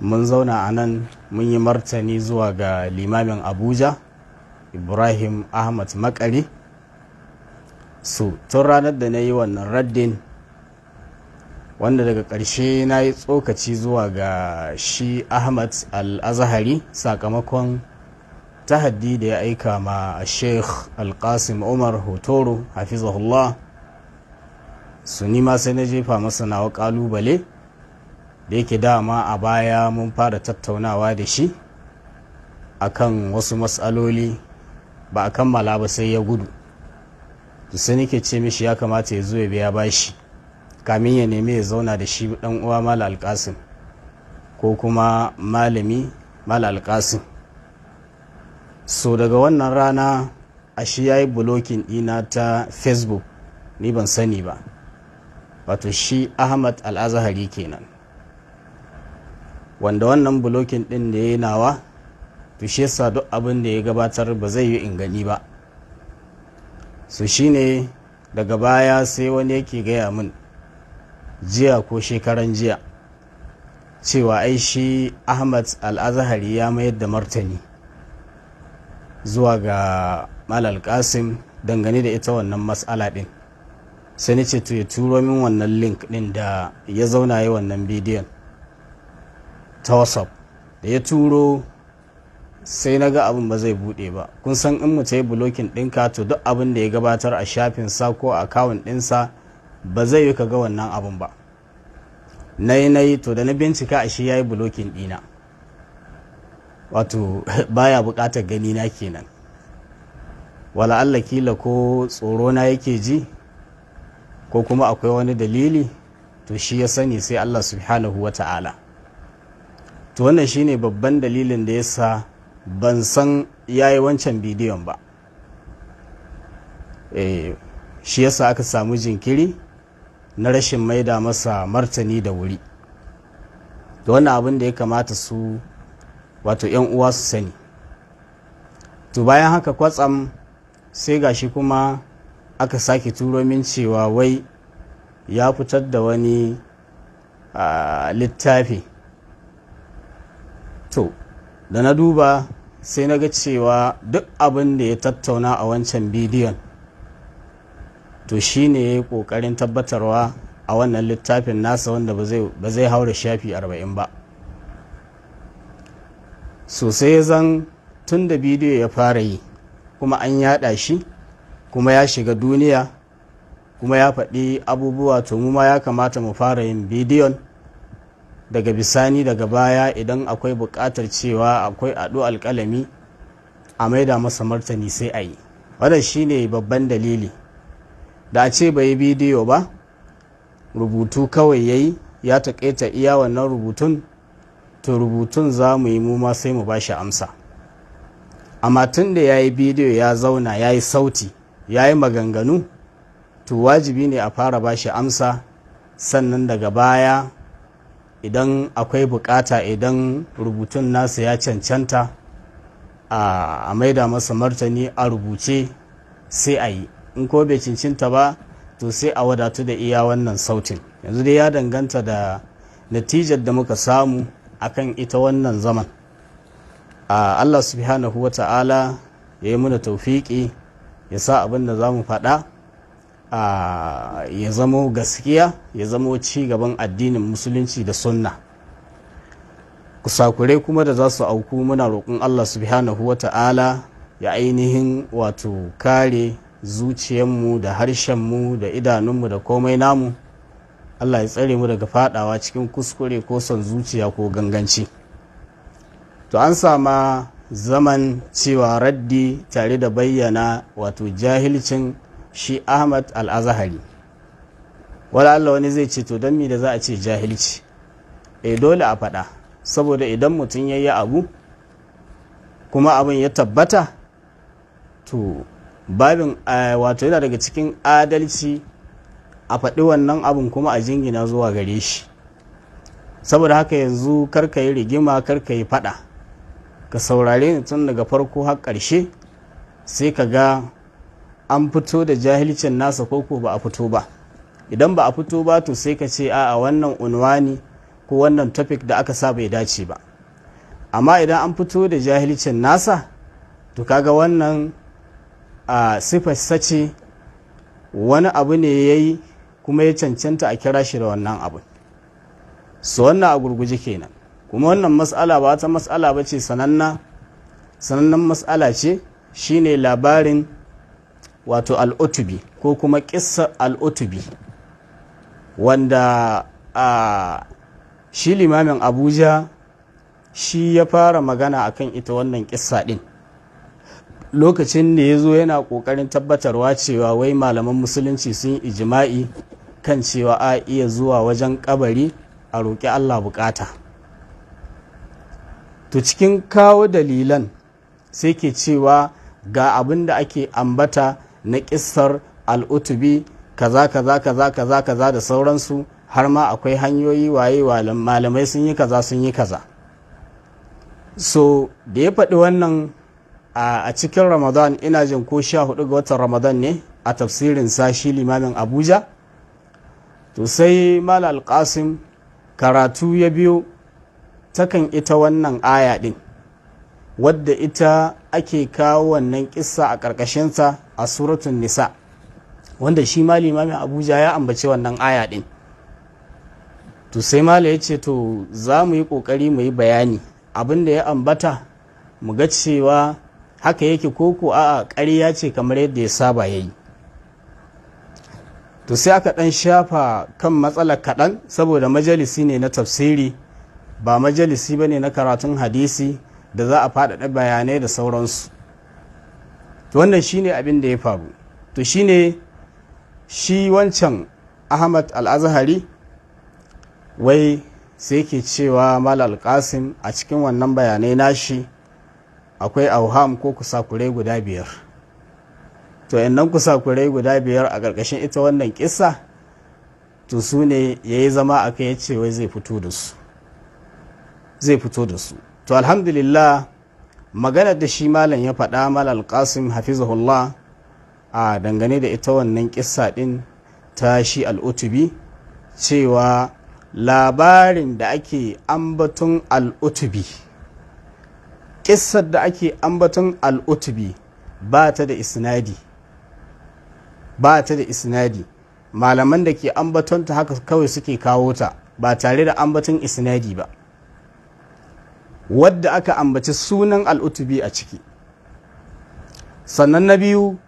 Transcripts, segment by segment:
mun zauna a nan mun yi martani zuwa ga limamin abuja ibrahim ahmad makari su tun ranar da na yi wannan raddin wanda daga ƙarshe na yi tsokaci zuwa ga shi ahmad al-azahari sakamakon tahaddi da ya aika ma sheikh al-qasim umar hotoro hafizahullah su nima sai na jefa masa nawa ƙalubale da yake dama a baya mun fara tattaunawa da shi A kan wasu matsaloli ba a kammala ba sai ya gudu sai nake ce mishi ya kamata ya zo ya biya bashi kamin ya nemi ya zauna da shi dan uwa mala alkasin ko kuma malami mala alkasin so daga wannan rana a shi ya yi bulokin ɗina ta facebook ni ban sani ba wato shi ahmad al'azahari kenan wanda wannan bulokin din da ya nawa to shi duk abin da ya gabatar ba zai yi ingani ba su shi ne daga baya sai wani yake gaya min jiya ko shekaran jiya cewa ai shi ahmad al ya mayar da martani zuwa ga malal kasim dangane da ita wannan matsala din sai ni ce to ya turo min wannan link din da ya zauna yi wannan bidiyon ta whatsapp da ya turo sai na ga abin ba zai bude ba kun san in mu yi bulokin ɗinka to duk abin da ya gabatar a shafin sa ko a akawun ɗinsa ba zai yi ka ga wannan abin ba na yi na yi to da na bincika a shi ya yi bulokin ɗina wato baya buƙatar gani na kenan wala Allah kila ko tsoro na yake ji ko kuma akwai wani dalili to shi ya sani sai Allah subhanahu wa ta'ala to wannan shine babban dalilin da ya sa ban san ya yi wancan bidiyon ba e, shi yasa aka samu jinkiri na rashin maida masa martani da wuri da wannan abin da ya kamata su wato 'yan uwa su sani to bayan haka kwatsam sai gashi kuma aka sake turo min cewa wai ya fitar da wani ah, littafi da na duba sai na ga cewa duk abin da ya tattauna a wancan bidiyon to shi ne ya yi ƙoƙarin tabbatarwa a wannan littafin nasa wanda ba zai haura shafi arba'in ba sosai ya zan tun da bidiyo ya fara yi kuma an yada shi kuma ya shiga duniya kuma ya faɗi abubuwa to mu ma ya kamata mu fara yin bidiyon daga bisani daga baya idan akwai buƙatar cewa akwai aɗo alƙalami a maida masa martani sai a yi wannan shine babban dalili da a ce bai yi bidiyo ba rubutu kawai ya yi ya taƙaita iya wannan rubutun to rubutun za mu yi mu ma sai mu ba shi amsa amma tun da ya yi bidiyo ya zauna ya yi sauti ya yi maganganu to wajibi ne a fara ba shi amsa sannan daga baya idan akwai bukata idan rubutun nasa ya cancanta a maida masa martani a rubuce sai a yi in ko bai cincinta ba to sai a wadatu da iya wannan sautin yanzu dai ya danganta da natijar da muka samu akan ita wannan zaman allah subhanahu wa ta'ala ya yi muna taufiki ya sa abin da za mu faɗa ya zamo gaskiya ya zamo ci gaban addinin musulunci da sunna kusakurai kuma da za su auku muna roƙon allah subhanahu wa ta'ala ya ainihin wato kare zuciyarmu da harshenmu da idanunmu da komai namu allah ya tsare mu daga fadawa cikin kuskure ko son zuciya ko ganganci to an sama zaman cewa raddi tare da bayyana wato jahilcin shi ahmad al-azahari wala Allah wani zai ce to don me da za a ce jahilci eh dole a faɗa saboda idan mutum ya yi abu kuma abin ya tabbata to babin eh, wato yana daga cikin adalci a faɗi wannan abin kuma a jingina zuwa gare shi saboda haka yanzu karka yi rigima karka yi faɗa ka saurare ni tun daga farko har ƙarshe sai ka ga an fito da jahilcin nasa koko ba a fito ba idan ba a fito ba to sai ka ce a wannan unwani ko wannan topic da aka saba ya dace ba amma idan an fito da jahilcin nasa to kaga wannan a sifarsa sace wani abu ne ya yi kuma ya cancanta a kira shi da wannan abu su wannan a gurguji kenan kuma wannan matsala ba ta matsala ba ce sanannan matsala ce shine labarin wato al'utubi ko kuma ƙissa al'utubi wanda a shi limamin abuja shi ya fara magana akan ita wannan ƙissa ɗin lokacin da ya zo yana ƙoƙarin tabbatarwa cewa wai malaman musulunci sun ijima'i kan cewa a iya zuwa wajen kabari a roƙi allah bukata to cikin kawo dalilan sai ke cewa ga abin da ake ambata na ƙissar al'utubi kaza kaza kaza kaza kaza da sauransu har ma akwai hanyoyi waye malamai sun yi kaza sun yi kaza so da ya faɗi wannan a cikin ramadan ina jin ko sha hudu ga watan ramadan ne a tafsirin sashi limamin abuja to sai mal alƙasim karatu ya biyo takan ita wannan aya ɗin wadda ita ake kawo wannan kisa a ƙarƙashinta a suratun nisa wanda shi ma limamin abuja ya ambace wannan aya din to sai mala ya ce to za mu yi kokari mu yi bayani abin da ya ambata mu ga cewa haka yake koko a ƙarya ce kamar yadda ya saba ya yi to sai aka ɗan shafa kan matsala kaɗan saboda majalisi ne na tafsiri ba majalisi ba ne na karatun hadisi da za a faɗaɗa bayanai da sauransu to wannan shine abin da ya faru to shine shi wancan ahmad al-azhari wai sai ke cewa malal qasim a cikin wannan bayanai nashi akwai auham ko kusakurai guda biyar to innan kusakurai guda biyar a ƙarƙashin ita wannan ƙisa to su ne ya yi zama a kai ya ce wai zai fito da su zai fito da su to alhamdulillah maganar da shi malam ya faɗa malal qasim hafizahullah a dangane da ita wannan ƙisa ɗin ta shi al'utubi cewa labarin da ake ambaton al'utubi kissar da ake ambaton al'utubi ba ta da isnadi ba ta da isnadi malaman da ke ambatonta haka kawai suke kawo ta ba tare da ambaton isnadi ba wadda aka ambaci sunan al'utubi a ciki sannan na biyu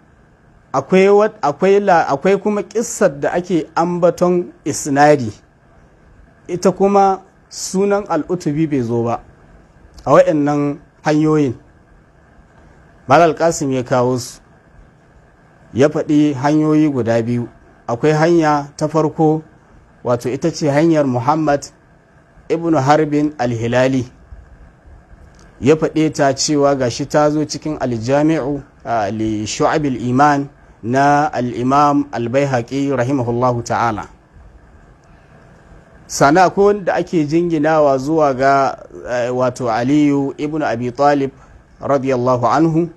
akwai kuma ƙissar da ake ambaton isnadi ita kuma sunan al'utubi bai zo ba a waɗannan hanyoyin malal kasim ya kawo su ya faɗi hanyoyi guda biyu akwai hanya ta farko wato ita ce hanyar muhammad ibn harbin alhilali ya faɗe ta cewa gashi ta zo cikin aljami'u a shu'abil iman na al-imam al rahimahullahu ta'ala sana ko wanda ake jinginawa zuwa ga wato aliyu Ibn abi talib radiyallahu anhu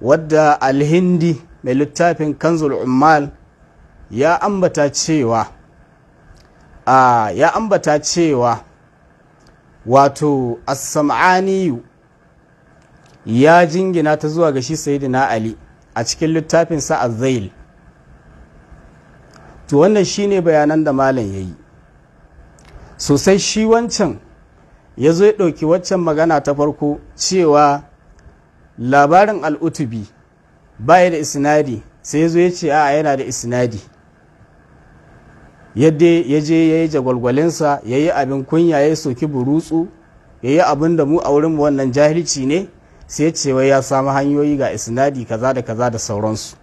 wadda alhindi mai littafin kanzul ummal ya ambata cewa a ya ambata cewa wato assam'aniyu ya jingina ta zuwa ga shi na ali a cikin littafin sa az-zail to wannan shi ne bayanan da malam ya yi. sosai shi wancan ya zo ya ɗauki waccan magana ta farko cewa labarin al'utubi ba ya da isnadi sai ya zo ya ce a yana da isinadi yadda ya je ya yi jagwalgwalinsa ya yi abin kunya ya soki burutsu ya yi abin da mu a wurin wannan jahilci ne sai cewa ya samu hanyoyi ga isnadi kaza da kaza da sauransu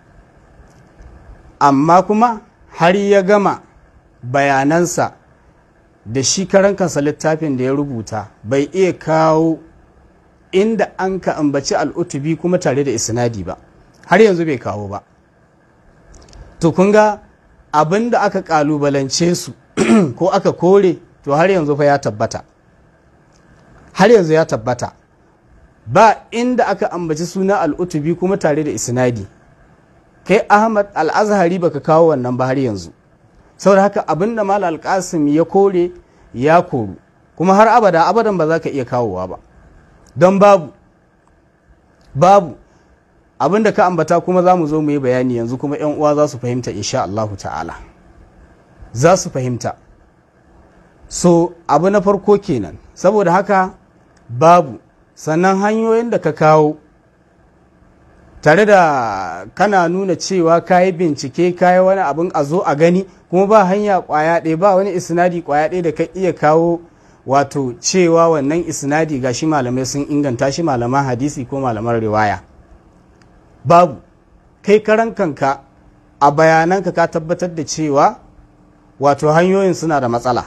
amma kuma har ya gama bayanansa da shi karan kansa littafin da ya rubuta bai iya kawo inda an ka ambaci al'utubi kuma tare da isnadi ba har yanzu bai kawo ba to ga abin da aka kalubalance su ko aka kore to har yanzu fa ya tabbata har yanzu ya tabbata ba inda aka ambaci suna al'utubi kuma tare da isnadi kai ahmad al'azhari baka kawo wannan ba har yanzu saboda haka abin da mal alkasim ya kore ya koru kuma har abada abadan ba za ka iya kawowa ba don babu babu abin da ka ambata kuma za mu zo mu yi bayani yanzu kuma 'yan uwa za su fahimta insha Allahu ta'ala za su fahimta so abu na farko kenan saboda haka babu sannan hanyoyin da ka kawo tare da kana nuna cewa ka yi bincike ka yi wani abin a zo a gani kuma ba hanya kwaya ɗaya ba wani isnadi kwaya ɗaya da ka iya kawo wato cewa wannan isnadi shi malamai sun inganta shi malaman hadisi ko malaman riwaya babu kai karan kanka a bayananka ka tabbatar da cewa wato hanyoyin suna da matsala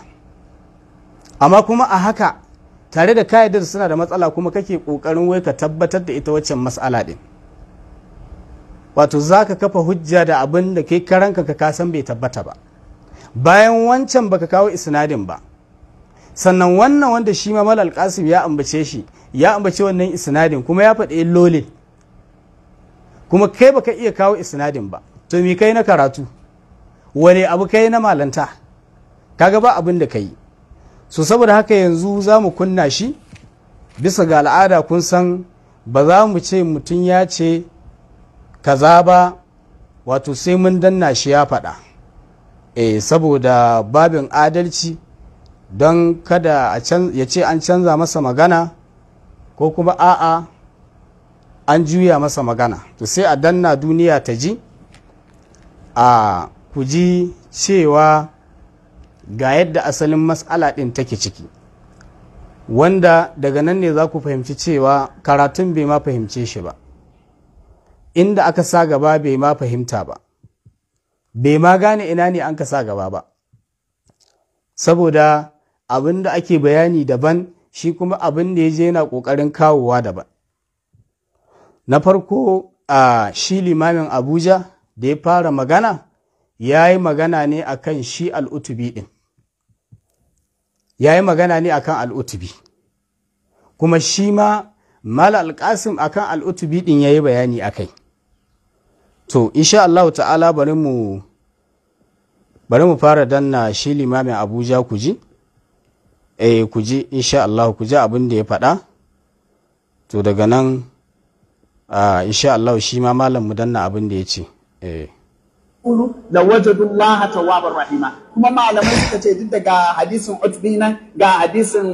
amma kuma a haka tare da ka'idar suna da matsala kuma kake ƙoƙarin wai ka tabbatar da ita waccan matsala ɗin wato za ka kafa hujja da abin da kai karanka ka san bai tabbata ba bayan wancan baka kawo isnadin ba sannan wannan wanda shi ma malal Kasim ya ambace shi ya ambace wannan isnadin kuma ya faɗi lolin. kuma kai baka iya kawo isnadin ba to mi kai na karatu wane abu kai na malanta kaga ba abin da kai so saboda haka yanzu za mu kunna shi bisa ga al'ada kun san ba za mu ce mutum ya ce kaza ba wato sai mun danna shi ya faɗa eh saboda babin adalci don kada ya ce an canza masa magana ko kuma a'a an juya masa magana to sai a danna duniya ta ji a ku ji cewa ga yadda asalin matsala ɗin take ciki wanda daga nan ne za ku fahimci cewa karatun bai ma fahimce shi ba inda aka sa gaba bai ma fahimta ba bai ma gane ina ne an ka sa gaba ba saboda abin da ake bayani daban shi kuma abin da ya je yana ƙoƙarin kawowa daban na farko a shi limamin abuja da ya fara magana ya yi magana ne akan shi al'utubi ɗin ya yi magana ne akan al'utubi kuma shi ma mal alƙasim akan al'utubi ɗin ya yi bayani a kai. to insha Allah ta'ala bari mu fara danna shi limamin abuja ku ji eh ku ji insha Allah ku ji abin da ya faɗa to daga nan a ah, insha Allah shi ma malam mu danna abin da ya ce eh la wajadu Allah tawwabar rahima kuma malamai suka ce duk daga hadisin Utbi ga hadisin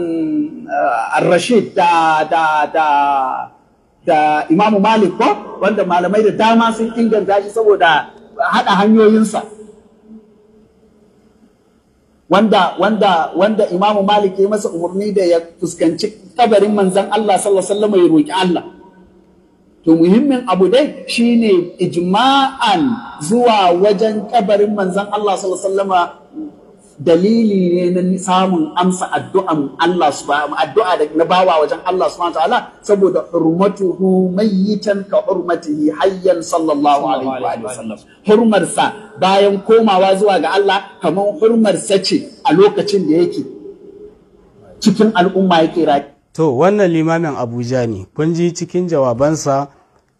eh, Ar-Rashid da da da da Imam Malik ko wanda malamai da dama sun inganta shi saboda hada hanyoyinsa wanda wanda wanda Imam Malik ya masa umarni da ya fuskanci kabarin manzon Allah sallallahu alaihi wasallam ya roki Allah To muhimmin abu dai shine ijma'an zuwa wajen kabarin manzon Allah sallallahu dalili ne na samun amsa addu'an Allah subhanahu addu'a da na bawa wajen Allah subhanahu ta'ala saboda hurmatuhu mayyitan ka hurmatihi hayyan sallallahu alaihi wa sallam hurmarsa bayan komawa zuwa ga Allah kamar hurmarsa ce a lokacin da yake cikin al'umma yake to wannan limamin abuja ne kun ji cikin jawabansa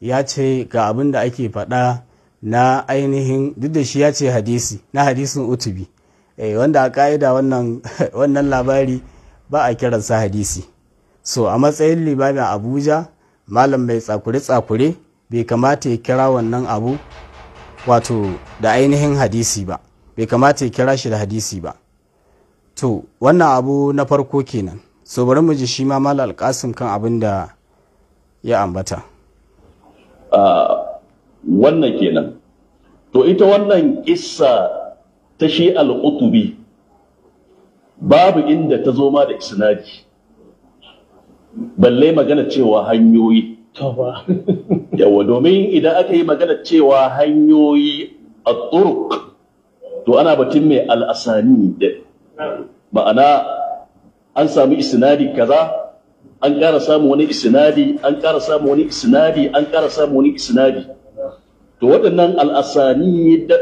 ya ce ga abin da ake faɗa na ainihin duk da shi ya ce hadisi na hadisin utubi e, wanda a ka'ida wannan labari ba a kiransa hadisi so a matsayin limamin abuja malam mai tsakure-tsakure bai kamata ya kira wannan abu wato da ainihin hadisi ba bai kamata ya kira shi da hadisi ba to wannan abu na farko kenan so bari mu ji shi ma mal alkasim kan abin da ya ambata ah, wannan kenan to ita wannan kissa ta shi al-qutubi babu inda ta zo ma da isnadi balle magana cewa hanyoyi yawa domin idan aka yi magana cewa hanyoyi a turuk to ana batun mai al'asani ma'ana an samu isinadi kaza an ƙara samu wani isinadi an ƙara samu wani isinadi an ƙara samu wani isinadi to waɗannan al'asani da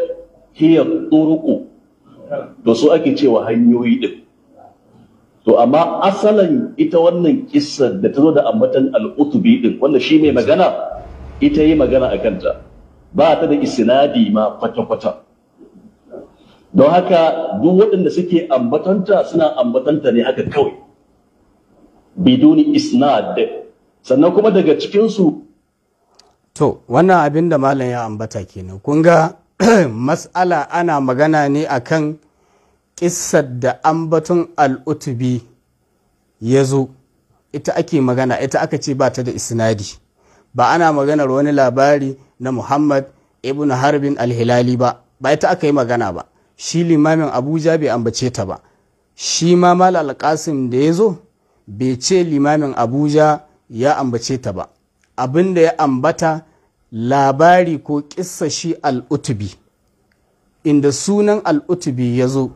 hiya turuku to su ake cewa hanyoyi din to amma asalan ita wannan kissar da ta zo da ambatan al'utubi din wanda shi mai magana ita yi magana a kanta ba ta da isinadi ma kwata-kwata don haka duk waɗanda suke ambatanta suna ambatanta ne haka kawai biduni isnad sannan kuma daga cikinsu to wannan abin da malam ya ambata kenan kun ga mas'ala ana magana ne akan kissar da ambaton al'utubi ya zo ita ake magana ita aka ce ba ta da isnadi ba ana maganar wani labari na muhammad ibn harbin Al-Hilali ba ba ita aka yi magana ba shi limamin abuja bai ambace ta ba shi ma mala alƙasim da ya zo bai ce limamin abuja ya ambace ta ba abin da ya ambata labari ko ƙissa shi al'utubi inda sunan al'utubi ya zo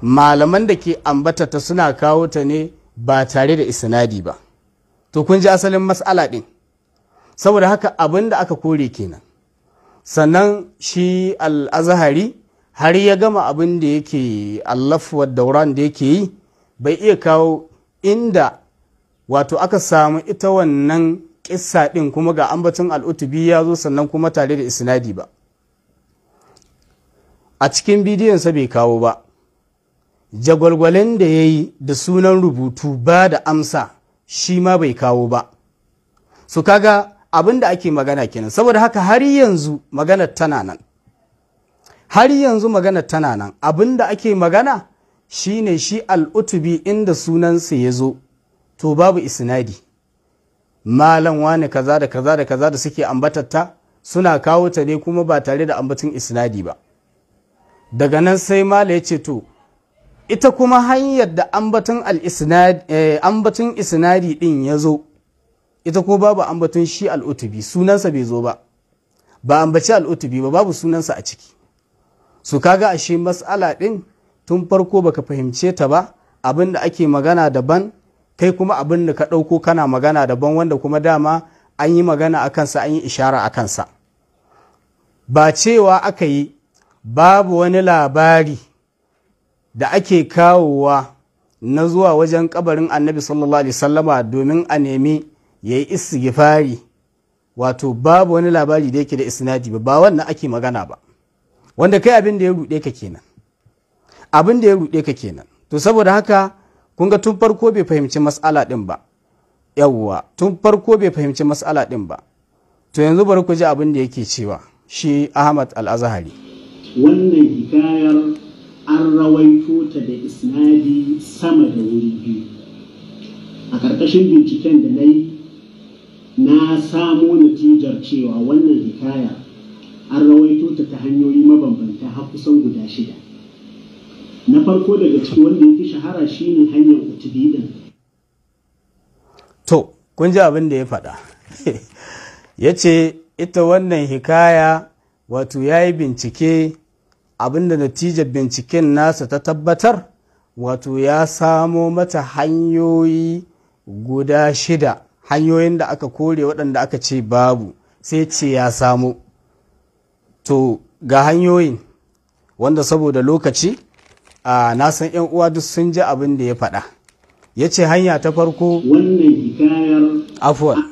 malaman da ke ambata ta suna kawo ta ne ba tare da isnadi ba to kun ji asalin mas'ala ɗin saboda haka abin da aka kore kenan sannan shi al'azahari har ya gama abin da yake allafuwar dauran da yake yi bai iya kawo inda wato aka samu ita wannan kissa din kuma ga ambacin al'utubi ya zo sannan kuma tare da isnadi ba a cikin bidiyon sa bai kawo ba jagwalgwalen da ya yi da sunan rubutu ba da amsa shi ma bai kawo ba su kaga abin da ake magana kenan saboda haka har yanzu magana tana nan har yanzu magana tana nan abin da ake magana shine shi al'utubi inda sunansa ya zo to babu isnadi malam wani kaza da kaza da kaza da suke ambatatta suna kawo ta ne kuma ba tare da ambatun isnadi ba daga nan sai mala ya ce to ita kuma hanyar da ambatun eh, isnadi din ya zo ita kuma babu ambatun shi al'utubi sunansa bai zo ba ba ambaci al'utubi ba babu sunansa a ciki su kaga ashe matsala ɗin tun farko baka fahimce ta ba abin da ake magana daban kai kuma abin da ka ɗauko kana magana daban wanda kuma dama an yi magana a kansa an yi ishara a kansa ba cewa aka yi babu wani labari da ake kawowa na zuwa wajen kabarin annabi sallallahu alaihi sallama domin a nemi ya yi wato babu wani labari da yake da isnadi ba ba wannan ake magana ba wanda kai abin da ya ruɗe ka kenan abin da ya ruɗe ka kenan to saboda haka kun ga tun farko bai fahimci mas'ala din ba yawwa tun farko bai fahimci mas'ala din ba to yanzu bari ku ji abin da yake cewa shi Ahmad Al-Azhari wannan hikayar an rawaito ta da isnadi sama da wuri biyu a ƙarƙashin binciken da na yi na samo natijar cewa wannan hikaya an rawaito ta ta hanyoyi mabambanta har kusan guda shida na farko daga ciki wanda ya fi shahara shine hanyar kutubi to kun ji abin da ya faɗa ya ce ita wannan hikaya wato ya yi bincike abinda natijar binciken nasa ta tabbatar wato ya samo mata hanyoyi guda shida hanyoyin da aka kore waɗanda aka ce babu sai ce ya samo to ga hanyoyin wanda saboda lokaci a nasan yan uwa duk sun ji abin da ya faɗa ya ce hanya ta farko afuwan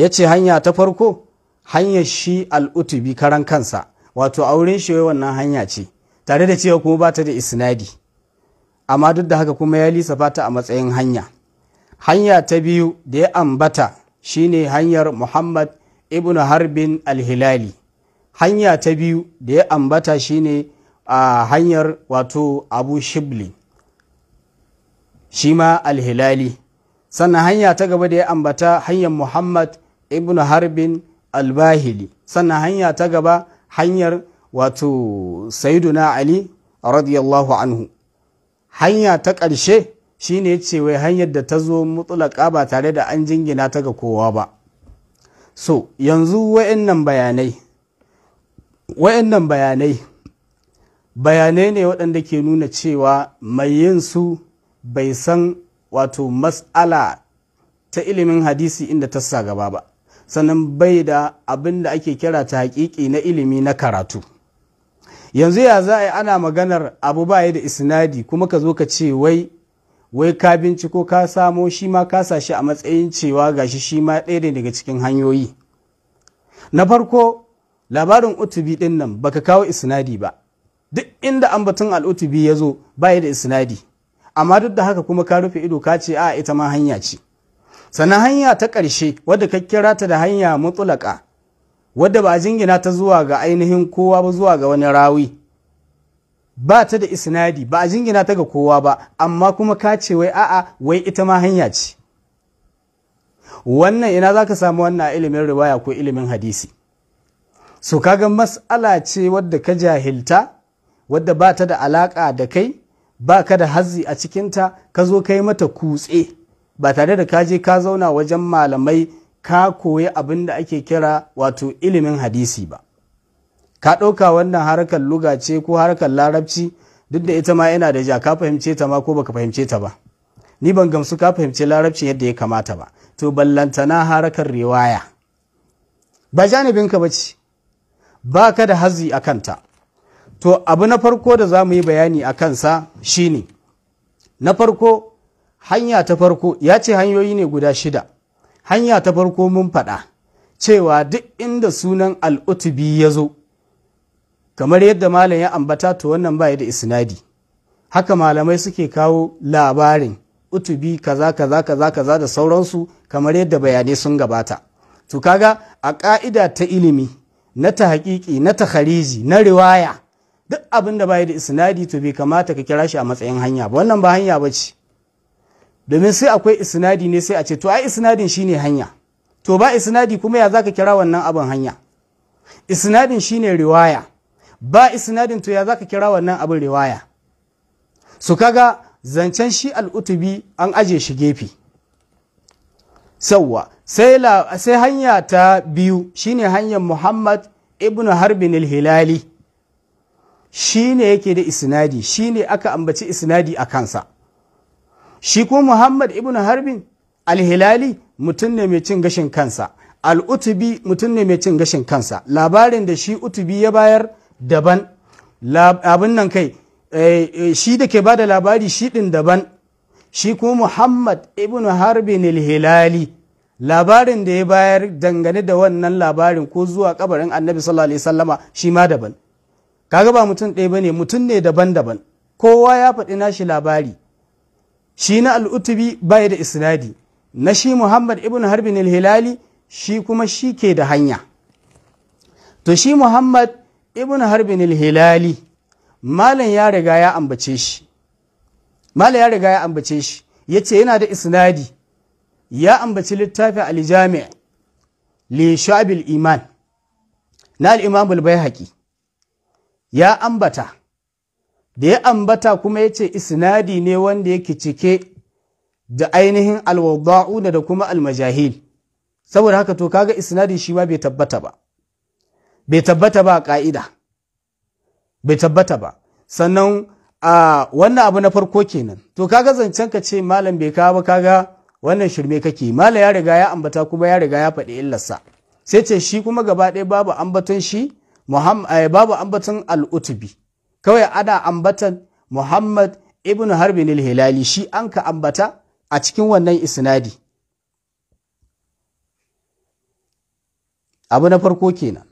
ya ce hanya ta farko hanyar shi al'utubi karan kansa wato auren shi wannan hanya ce tare da cewa kuma ba ta da isnadi amma duk da haka kuma ya lisa fata a matsayin hanya hanya ta biyu da ya ambata shine hanyar muhammad ibn harbin Al-Hilali. hanya ta biyu da ya ambata shine a hanyar wato abu shibli shi ma alhilali sannan hanya ta gaba da ya ambata hanyar muhammad ibn harbin albahili sannan hanya ta gaba hanyar wato saiduna ali radiyallahu anhu hanya ta ƙarshe shine ce wai hanyar da ta zo mutulaka ba tare da an jingina ta ga kowa ba so yanzu waɗannan bayanai wayannan bayanai bayanai ne waɗanda ke nuna cewa mai yin su bai san wato mas'ala ta ilimin hadisi inda ta sa gaba ba sannan bai da abin da ake kira ta hakiki na ilimi na karatu yanzu ya za a yi ana maganar abu baya da isnadi kuma ka zo ka ce wai wai ka binciko ka samo shi ma ka sa shi a matsayin cewa gashi shi ma ɗaya daga cikin hanyoyi na farko labarin utubi din nan baka kawo isnadi ba duk inda ambaton al'utubi ya zo baya da isnadi amma duk da haka kuma ka rufe ido ka ce a ita ma hanya ce sannan hanya ta ƙarshe wadda ka kira ta da hanya mutulaka wadda ba a jingina ta zuwa ga ainihin kowa ba zuwa ga wani rawi ba ta da isnadi ba a jingina ta ga kowa ba amma kuma ka ce wai a'a wai ita ma hanya ce wannan ina za ka samu wannan ilimin riwaya ko ilimin hadisi so kaga mas'ala ce wadda ka jahilta wadda ba ta da alaƙa da kai ba ka da hazi a cikinta ka zo ka yi mata kutse ba tare da ka je ka zauna wajen malamai ka koyi abin da ake kira wato ilimin hadisi ba ka ɗauka wannan harkar luga ko harkar larabci duk da ita ma yana da ja ka fahimce ta ma ko baka fahimce ta ba ni ban gamsu ka fahimci larabci yadda ya kamata ba to ballantana harkar riwaya ba janibinka ba ce ba ka da hazi a kanta to abu na farko da za mu yi bayani a kansa shine na farko hanya ta farko ya ce hanyoyi ne guda shida hanya ta farko mun faɗa cewa duk inda sunan al'utubi ya zo kamar yadda malam ya ambata to wannan baya da isnadi haka malamai suke kawo labarin utubi kaza kaza kaza kaza da sauransu kamar yadda bayanai sun gabata to kaga a ƙa'ida ta ilimi na ta hakiki, na takhariji, na riwaya duk abin da bai da isnadi to bai kamata ka kira shi a matsayin hanya ba wannan ba hanya ba ce domin sai akwai isnadi ne sai a ce to ai isnadin shine hanya to ba isnadi kuma ya zaka kira wannan abin hanya isnadin shine riwaya ba isnadin to ya zaka kira wannan abin riwaya su kaga zancen shi al utubi an aje shi gefe sauwa sai hanya ta biyu shine hanyar muhammad ibn harbin hilali shine yake da isnadi shine aka ambaci isnadi a kansa shi kuma muhammad ibn harbin alhilali mutum ne mai cin gashin kansa al'utubi mutum ne mai cin gashin kansa labarin da shi utubi ya bayar daban abin nan kai eh, eh, shi da ke ba da labari shi ɗin daban shi kuma muhammad ibn harbin hilali labarin da ya bayar dangane da wannan labarin ko zuwa kabarin annabi sallallahu alaihi wasallama shi ma daban kaga ba mutum ɗaya bane mutum ne daban-daban kowa ya faɗi nashi labari shi na al'utubi bai da isnadi na shi muhammad ibn harbin hilali shi kuma shi ke da hanya to shi muhammad ibn harbin hilali malam ya riga ya ambace shi mala ya riga ya ambace shi ya ce yana da isnadi ya ambaci littafin aljami li iman na al'imamul bai haƙi ya ambata da ya ambata kuma ya ce isnadi ne wanda yake cike da ainihin alwadda'u da kuma almajahil saboda haka to kaga isnadi shi ma bai tabbata ba bai tabbata ba a ƙa'ida bai tabbata ba sannan a wannan abu na farko kenan to kaga zancen ka ce malam bai kawo kaga wannan shirme kake malam ya riga ya ambata kuma ya riga ya faɗi illarsa sai ce shi kuma gaba ɗaya babu ambaton shi eh, babu ambaton al'utubi kawai ana ambatan muhammad ibn harbin hilali shi an ka ambata a cikin wannan isnadi abu na farko kenan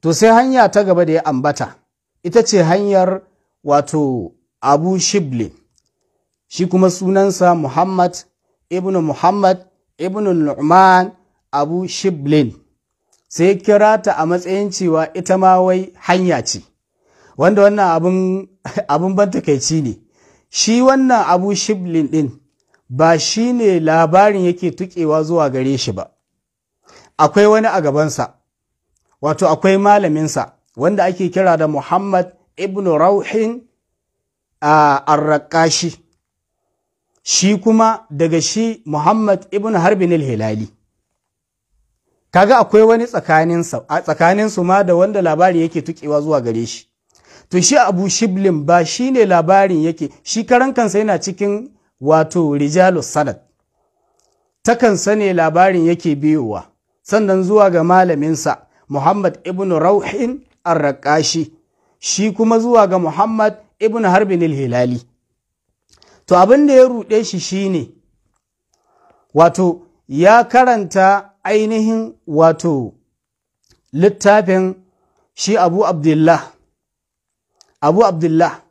to sai hanya ta gaba da ya ambata ita ce hanyar wato abu shibli shi kuma sunansa muhammad ibn muhammad ibn nu'man abu shiblin sai kira ta a matsayin cewa ita ma wai hanya ce wanda wannan abin ban takaici ne shi wannan abu shiblin din ba shi ne labarin yake tuƙewa zuwa gare shi ba akwai wani a gabansa wato akwai malaminsa wanda ake kira da muhammad ibn rauhin arraƙashi shi kuma daga shi muhammad ibn harbin hilali kaga akwai wani tsakaninsu ma da wanda labari yake tukewa zuwa gare shi to shi abu shiblin ba shi ne labarin yake shi karan kansa yana cikin wato rijalus sanad kansa ne labarin yake biyowa sannan zuwa ga malaminsa muhammad ibn rauhin arraƙashi shi kuma zuwa ga Muhammad ibn Harbin hilali to abin da ya ruɗe shi shine wato ya karanta ainihin wato littafin shi Abu Abdullah Abu Abdullah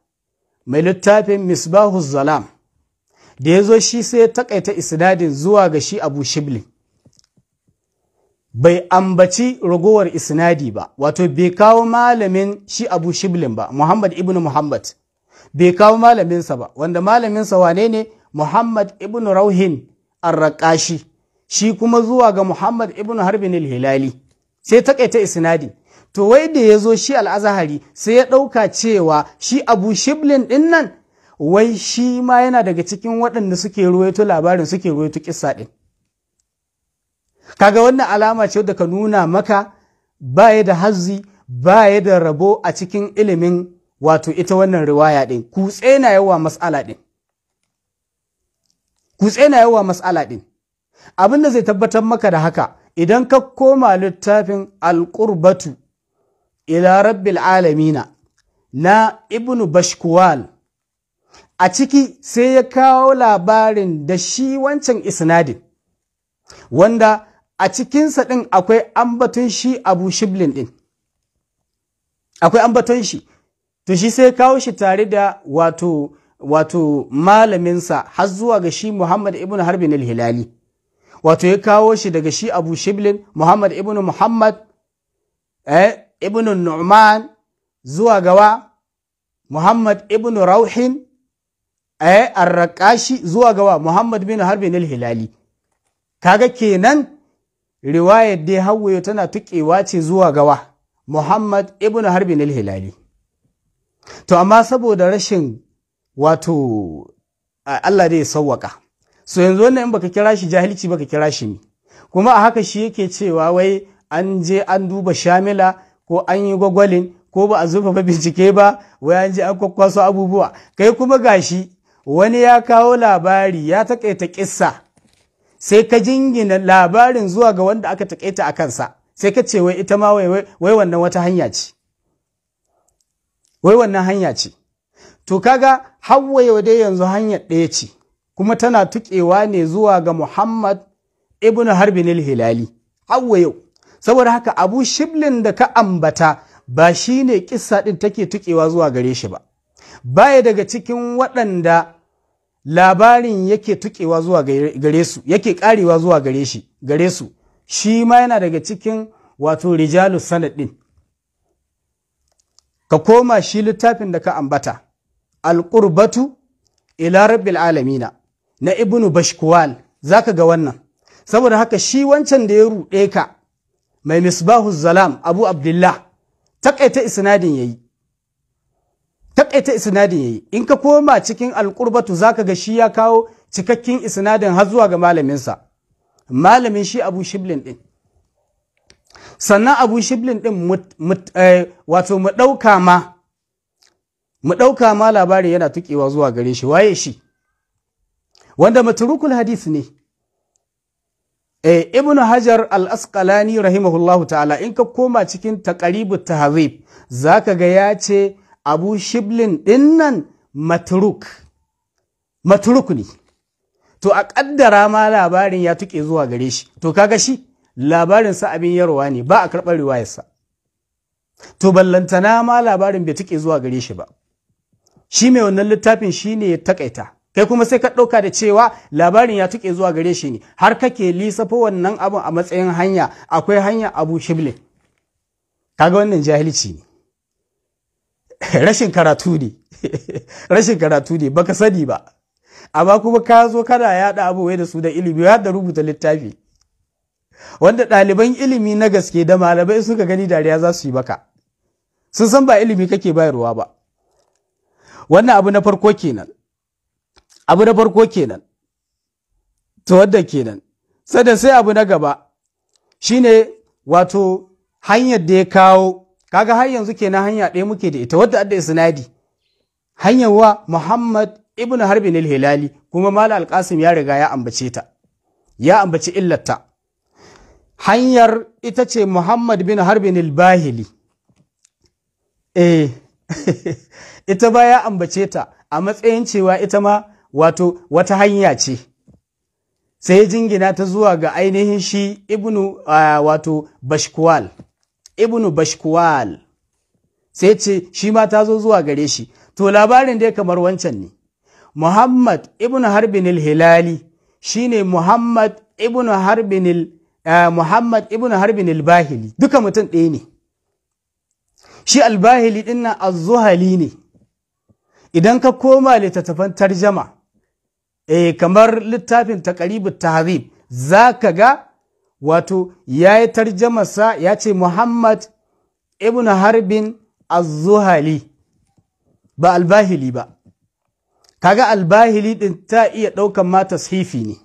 mai littafin Misbahu Zalam da ya zo shi sai ya takaita isnadin zuwa ga shi Abu Shibli bai ambaci ragowar isnadi ba wato bai kawo malamin shi abu shiblin ba muhammad ibn muhammad bai kawo malaminsa ba wanda malaminsa wane ne muhammad ibn rauhin arraƙashi shi kuma zuwa ga muhammad ibn harbin hilali sai takaita isnadi to wai da ya zo shi al'azahari sai ya ɗauka cewa shi abu shiblin ɗin nan wai shi ma yana daga cikin waɗanda suke ruwaito labarin suke ruwaito kissa ɗin kaga wannan alama ce da ka nuna maka baya da hazzi baya da rabo a cikin ilimin wato ita wannan riwaya ɗin kutse na yawa mas'ala ɗin kutse na yawa mas'ala ɗin abin da zai tabbatar maka da haka idan ka koma littafin alƙurbatu ila rabbil alamina na ibnu bashkuwal a ciki sai ya kawo labarin da shi wancan isnadin wanda a cikinsa ɗin akwai ambaton shi abu shiblin ɗin akwai ambaton shi to shi sai kawo shi tare da wato wato malaminsa har zuwa ga shi muhammad ibn harbin al-hilali wato ya kawo shi daga shi abu shiblin muhammad ibn muhammad eh, ibn nu'man zuwa gawa muhammad ibn rauhin eh, arraƙashi zuwa gawa muhammad bin harbin al-hilali kaga kenan riwayar dai hawaye tana tuƙewa ce zuwa gawa muhammad ibn harbin al-hilali to amma saboda rashin wato allah dai sauwaka so yanzu wannan in baka kira shi jahilci baka kira shi ne kuma a haka shi yake cewa wai an je an duba shamila ko an yi gwagwalin ko ba a zufafa bincike ba wai an je an kwakwaso abubuwa kai kuma gashi wani ya kawo labari ya taƙaita ƙissa sai ka jingina labarin zuwa ga wanda aka taƙaita a kansa sai ka ce wai ita ma wai wannan wata hanya ce wai wannan hanya ce to kaga hawwaye dai yanzu hanyar ɗaya ce kuma tana tuƙewa ne zuwa ga muhammad ibn harbin hilali hawwa yau saboda haka abu shiblin da ka ambata ba shi ne kissa ɗin take tuƙewa zuwa gare shi ba baya daga cikin waɗanda labarin yake tukewa zuwa gare su yake karewa zuwa gare shi gare su shi ma yana daga cikin wato rijalu sanad din ka koma shi littafin da ka ambata alqurbatu ila rabbil alamina na ibnu bashkuwal zaka ga wannan saboda haka shi wancan da ya ruɗe ka mai misbahu zalam abu abdullah takaita isnadin yayi taƙaita isnadin yayi in ka koma cikin alƙurbatu zaka ga shi ya kawo cikakken isnadin har zuwa ga malaminsa malamin shi abu shiblin ɗin sannan abu shiblin ɗin eh, wato mu ɗauka ma mu labari yana tuƙewa zuwa gare shi waye shi wanda maturukul hadis ne e, ibn hajar al-asqalani rahimahullahu ta'ala in ka koma cikin taqribut tahzib zaka ga ya ce abu shiblin ɗin nan maturuk matruk ne to a ƙaddara ma labarin ya tuƙe zuwa gare shi to kaga shi labarinsa abin yarwa ne ba a karɓar riwayarsa to ballantana ma labarin bai tuƙe zuwa gare shi ba shi mai wannan littafin shi ne ya taƙaita kai kuma sai ka ɗauka da cewa labarin ya tuƙe zuwa gare shi ne har kake fa wannan abin a matsayin hanya akwai hanya abu shiblin kaga wannan jahilci ne rashin karatu ne rashin karatu ne baka sani ba amma kuma ka zo kana yada abubuwa da su da ilimi ya da rubuta littafi wanda ɗaliban ilimi na gaske da malamai suka gani dariya za su yi maka sun san ba ilimi kake bayarwa ba wannan abu na farko kenan abu na farko kenan to wadda kenan sannan sai abu na gaba shine wato hanyar da ya kawo kaga har yanzu ke na hanya ɗaya muke da ita wadda adda isnadi hanyar wa Muhammad ibn Harbin al-Hilali kuma Malam al ya riga ya ambace ta ya ambaci illarta hanyar ita ce Muhammad bin Harbin al-Bahili eh ita ba ya ambace ta a matsayin cewa ita ma wato wata hanya ce sai jingina ta zuwa ga ainihin shi ibnu ah, wato bashkwal ibnu bashkuwal sai ce shi ma ta zo zuwa gare shi to labarin dai kamar wancan ne muhammad ibnu harbin hilali ne muhammad ibnu harbin eh, muhammad ibnu harbin bahili duka mutum ɗaya ne shi albahili ɗin nan azuhali ne idan ka koma littattafan tarjama eh kamar littafin taqribut Za ka ga wato ya yi tarjamasa ya ce muhammad ibn harbin azuhali ba albahili ba kaga albahili din ta iya ɗaukan ma tashifi ne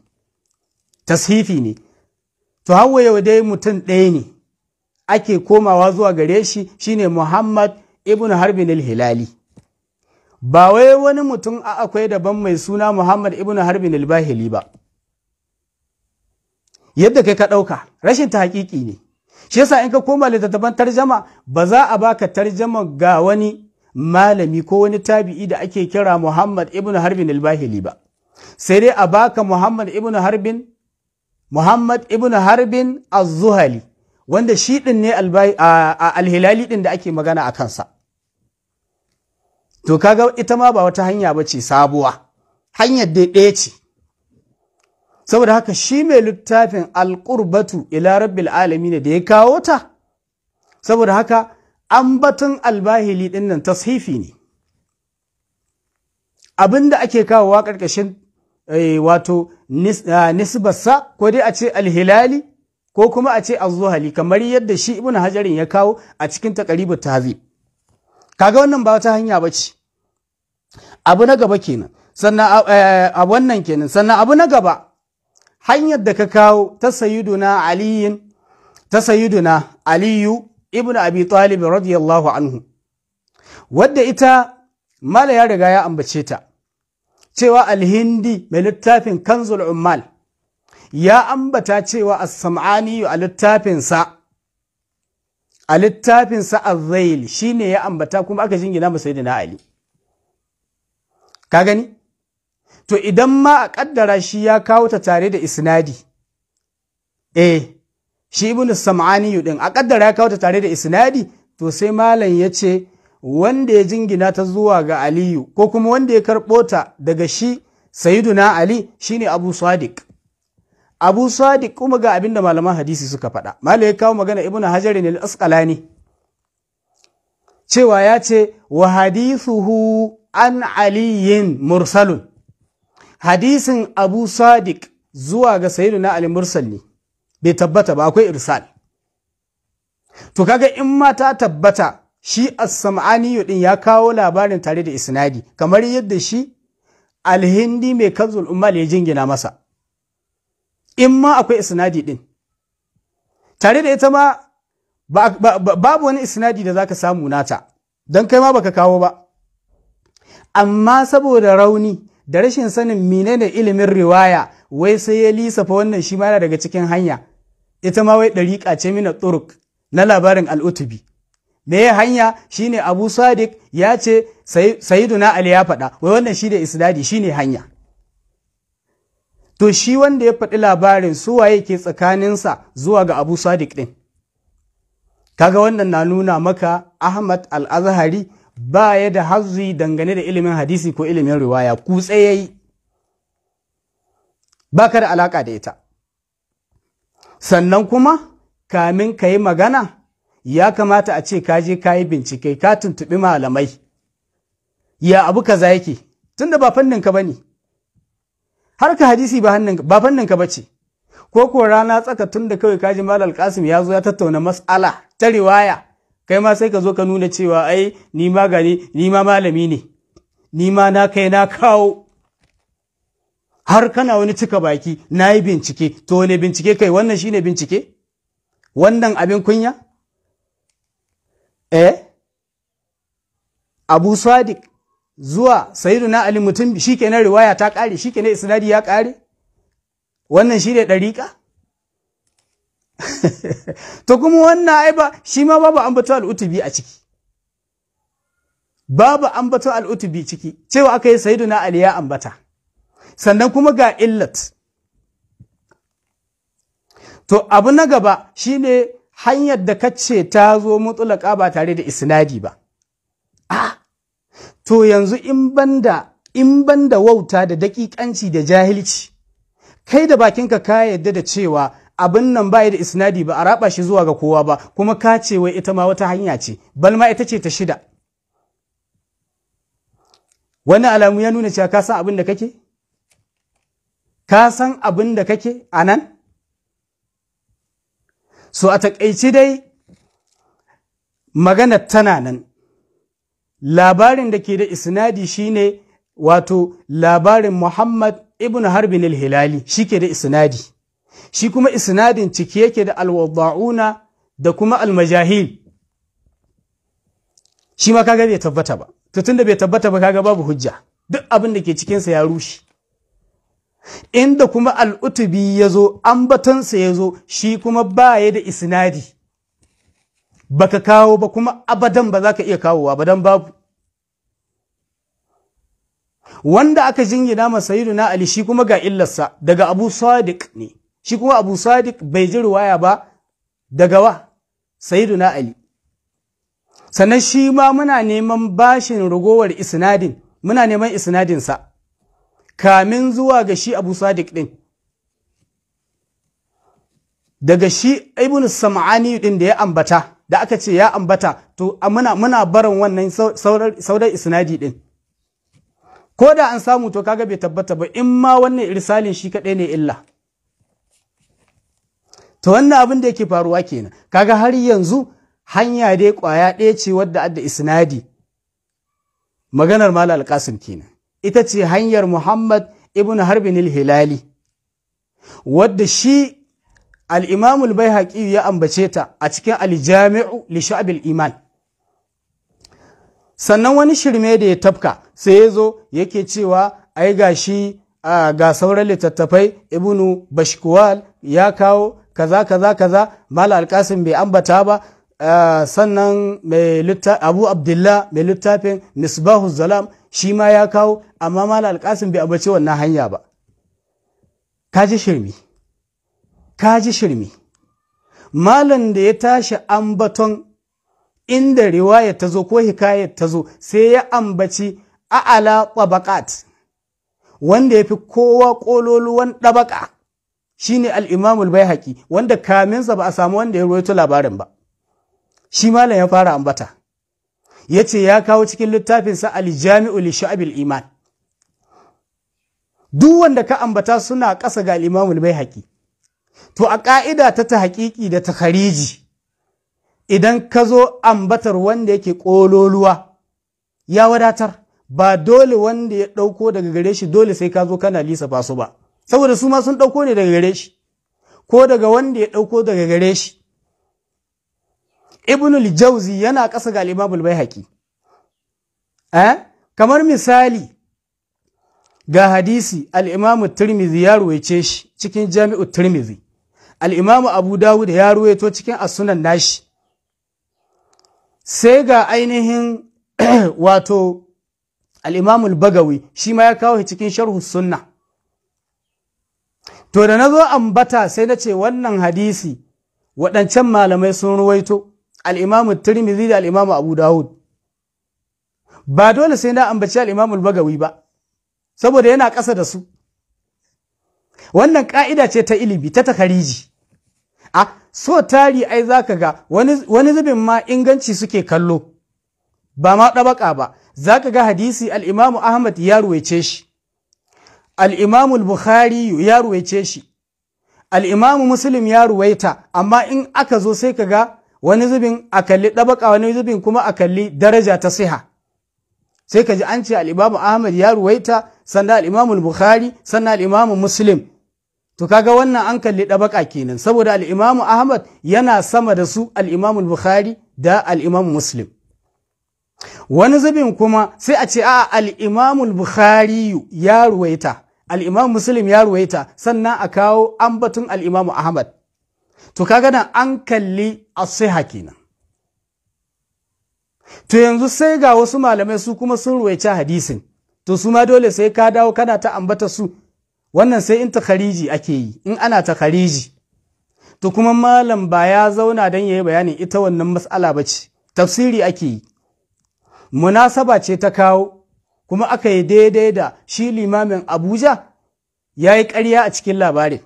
tashifi ne to yau dai mutum ɗaya ne ake komawa zuwa gare shi shine muhammad ibn harbin al ba wai wani mutum a akwai daban mai suna muhammad ibn harbin al ba yadda kai ka ɗauka rashin ta hakiki ne shi yasa in ka koma littattafan tarjama ba za a baka tarjama ga wani malami ko wani tabi'i da ake kira Muhammad ibn Harbin albahili ba sai dai a baka Muhammad ibn Harbin Muhammad ibn Harbin az-Zuhali wanda shi din ne alhilali din da ake magana a kansa to kaga ita ma ba wata hanya ba ce sabuwa hanyar dai ce saboda haka shi mai littafin alƙurbatu ila rabbil alami ne da ya kawo ta saboda haka an batun albahili ɗin nan tashifi ne abinda ake kawowa ƙarƙashin eh, wato ah, nisbarsa ko dai a ce alhilali ko kuma a ce azuhali kamar yadda shi ibn hajarin ya kawo a cikin taqribut tahzib kaga wannan ba wata hanya ce abu na gaba eh, wannan kenan sannan abu na gaba hanyar da ka kawo ta sayiduna aliyin ta sayiduna aliyu ibn abi talib radiyallahu anhu wadda ita mala ya riga ya ambace ta cewa alhindi mai littafin kanzul ummal ya ambata cewa as-sam'ani a littafinsa a littafinsa az-zail shine ya ambata kuma aka jingina masa sayyidina ali ka gani to idan ma a kaddara shi ya kawo ta tare da isnadi eh shi ibnu sam'ani din a kaddara ya kawo ta tare da isnadi to sai malam ya ce wanda ya jingina ta zuwa ga aliyu ko kuma wanda ya karɓo ta daga shi sayiduna ali shine abu sadiq abu sadiq kuma ga abinda malaman hadisi suka faɗa malam ya kawo magana ibnu hajar ne al-asqalani cewa ya ce wa hadithuhu an aliyin mursalun hadisin abu sadiq zuwa ga sayidu ali mursal ne bai tabbata ba akwai irsal to kaga in ma ta tabbata shi as-sam'ani din ya kawo labarin tare da isnadi kamar yadda shi alhindi mai kanzul ummal ya jingina masa in ma akwai isnadi din tare da ita ma babu wani isnadi da zaka samu nata don kai ma baka kawo ba amma saboda rauni da rashin sanin menene ilimin riwaya wai sai ya lisafa wannan shi ma daga cikin hanya ita ma wai ɗariƙa ce mina turuk na labarin al'utubi me ya hanya shine abu sadiq ya ce na ali ya faɗa wai wannan shi da isnadi shine hanya to shi wanda ya faɗi labarin su waye ke tsakaninsa zuwa ga abu sadiq ɗin kaga wannan na nuna maka ahmad al-azhari ba ya da hazzi dangane da ilimin hadisi ko ilimin riwaya kutse yayi ba ka da alaka da ita sannan kuma kamin ka yi magana ya kamata a ce kaje ka yi bincike ka tuntuɓi malamai ya abu kaza yake tunda ba fannin ka ba ne. har ka hadisi ba fannin ka bace ko ko rana tsaka tunda kawai kaji malal Kasim ya zo ya tattauna mas'ala ta riwaya kai ma sai ka zo ka nuna cewa ai ni ma gani ni ma malami ne ni ma na kai na kawo har kana wani cika baki na yi bincike to ne bincike kai wannan shine bincike wannan abin kunya eh abu sadiq zuwa sayyiduna ali mutum kenan riwaya ta kare kenan isnadi ya kare wannan shi ne dariƙa to kuma wannan ai ba shi ma babu ambato al'utubi a ciki babu ambato al'utubi ciki cewa aka yi sayyiduna ali ya ambata sannan kuma ga illat to abu na gaba shine hanyar da kace ta zo mutulaka ba tare da isnadi ba a to yanzu in banda in banda wauta da dakikanci da jahilci kai da bakinka ka yadda da cewa abin nan yi da isnadi ba a raba shi zuwa ga kowa ba kuma kacewa ita ma wata hanya ce balma ita ce ta shida wani alamu ya nuna cewa ka san abin da kake ka san abin da kake a nan so a takaici dai magana tana nan labarin da ke da isnadi shine wato labarin muhammad ibn harbin hilali shi ke da isnadi shi kuma isnadin ciki yake da alwadda'una da kuma almajahil shi ma kaga bai tabbata ba to tunda bai tabbata ba kaga babu hujja duk abin da ke cikinsa ya rushe inda kuma al'utubi ya zo ambatansa ya zo shi kuma baya da isnadi baka kawo ba kuma abadan ba za ka iya kawowa ba babu wanda aka jingina masayiduna na ali shi kuma ga illarsa daga abu sadiq ne shi kuma abu sadiq bai ji ruwaya ba daga wa sayyiduna ali sannan shi ma muna neman bashin ragowar isnadin muna neman isnadinsa kamin zuwa ga shi abu sadiq din daga shi ibn sam'ani din da ya ambata da aka ce ya ambata to muna muna barin wannan sauran isnadi din ko da an samu to kaga bai tabbata ba in ma wannan irsalin shi kadai ne illa to wannan abin da yake faruwa kenan kaga har yanzu hanya dai kwaya ɗaya ce wadda adda isnadi maganar mala alƙasim kenan ita ce hanyar muhammad ibn harbin hilali wadda shi al'imamul bai haƙi ya ambace ta a cikin aljami'u lishabil iman sannan wani shirme da ya tafka sai ya zo yake cewa ai ga shi ga sauran littattafai ibnu bashkuwal ya kawo kaza kaza kaza mala alkasim bai ambata ba eh, sannan abu abdullah mai littafin misbahu zalam shi ma ya kawo amma mala alkasim bai abace wannan hanya ba kaji shirmi kaji shirmi malam da ya tashi ambaton inda riwaya ta zo ko hikayar ta zo sai ya ambaci a'ala tabaqat wanda ya fi kowa ƙololuwan ɗabaƙa Shi ne al'imamul bai haƙi wanda kaminsa ba a samu wanda ya rawaito labarin ba shi malam ya fara ambata Ya ce ya kawo cikin littafinsa Ali jamiu li Iman duk wanda ka ambata suna ƙasa ga al'imamul bai haƙi to a ƙa'ida ta ta haƙiƙi da ta khariji idan ka zo ambatar wanda yake ƙololuwa ya wadatar ba dole wanda ya ɗauko daga gare shi dole sai ka zo kana lisa su ba saboda su ma sun ɗauko ne daga gare shi ko daga wanda ya ɗauko daga gare shi ibnul jauzi yana ƙasa ga al'imamul bai eh? kamar misali ga hadisi al'imamu turmizi ya ruwaice shi cikin jami'u turmizi al'imamu abu dawud ya ruwaito cikin asunan nashi sai ga ainihin wato al'imamul bagawi shi ma ya kawo cikin sharhu sunna to da na zo ambata sai na ce wannan hadisi waɗancan malamai sun ruwaito al'imamu tirmidhi da al'imamu abu dawud ba dole sai na ambaci al'imamu bagawi ba saboda yana ƙasa da su wannan ƙa'ida ce ta ilimi ta takariji a so tari ai za ka ga wani zubin ma inganci suke kallo ba ma ɗabaƙa ba za ka ga hadisi al'imamu ahmad ya ruwaice shi al'imamu bukhari ya ruwaice shi al'imamu muslim ya ruwaita amma in aka zo sai ka ga wani zubin a kalli ɗabaka wani zubin kuma a kalli daraja ta siha sai ka ji an ce al'imamu ahmad ya ruwaita sannan al'imamu bukhari sannan al'imamu muslim to kaga wannan an kalli ɗabaka kenan saboda al'imamu ahmad yana sama da su al'imamu bukhari da al'imamu muslim wani zubin kuma sai a ce a al'imamu bukhari ya ruwaita al'imam musulun ya ruwaita sannan a kawo ambatun al'imamu ahmad to kaga nan an kalli a asiha kenan to yanzu sai ga wasu malamai su kuma sun ruwaici hadisin to su ma dole sai ka dawo kana ta ambata su wannan sai in ta khariji ake yi in ana ta khariji. to kuma malam ba ya zauna don ya yi bayanin ita wannan matsala ba ce tafsiri ake yi munasaba ce ta kawo kuma aka yi daidai da shi limamin abuja ya yi ƙarya a cikin labarin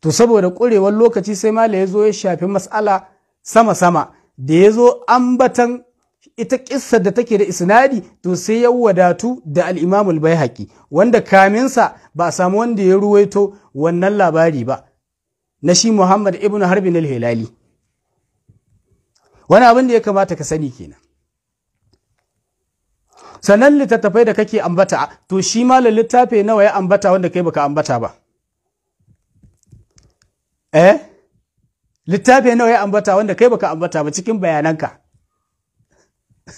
to saboda ƙurewar lokaci sai mala ya zo ya shafi matsala sama-sama da ya zo ambatan ita ƙissar da take da isnadi to sai ya wadatu da al'imamul bai haƙi wanda kaminsa ba a samu wanda ya ruwaito wannan labari ba na shi muhammad ibn harbin al-hilali wani abin da ya kamata ka sani kenan sanan littattafai da kake ambata to shi ma littafi nawa ya ambata wanda kai baka ambata ba eh littafi nawa ya ambata wanda kai baka ambata ba cikin bayananka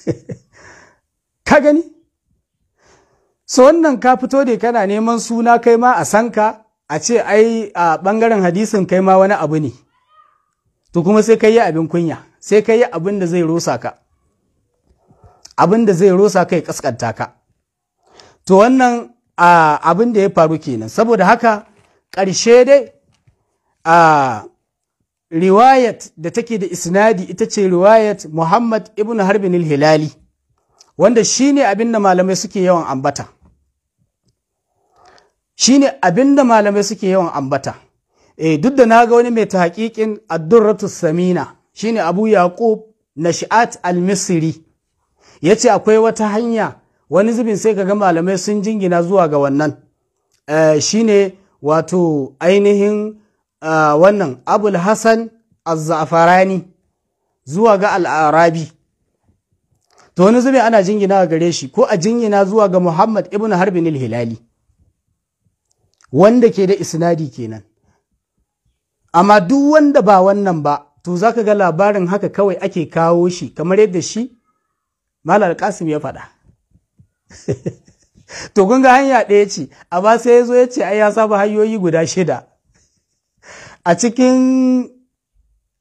ka gani so wannan ka fito da kana neman suna kai ma a sanka a ce ai a bangaren hadisin kai ma wani abu ne to kuma sai ka yi abin kunya sai ka yi abin da zai rusa ka abin da zai rosa kai kaskanta ka to wannan abin da ya faru kenan saboda haka ƙarshe dai a riwayat da take da isnadi ita ce riwayat muhammad ibn harbin hilali wanda shine abin da malamai suke yawan ambata shine abin da malamai suke yawan ambata e, duk da na ga wani mai tahqiqin ad-durratu samina shine abu yaqub nash'at al-misri ya ce akwai wata hanya wani zubin sai ka ga malamai sun jingina zuwa ga wannan eh, Shi ne wato ainihin eh, wannan abul hassan azzafarani zuwa ga al'arabi to wani zubin ana jingina gare shi ko a jingina zuwa ga muhammad ibn harbin hilali wanda ke da isnadi kenan amma duk wanda ba wannan ba to zaka ga labarin haka kawai ake kawo shi kamar yadda shi malar kasim ya faɗa to kun ga hanya ɗaya ce amma sai ya zo ya ce ai ya saba hanyoyi guda shida a cikin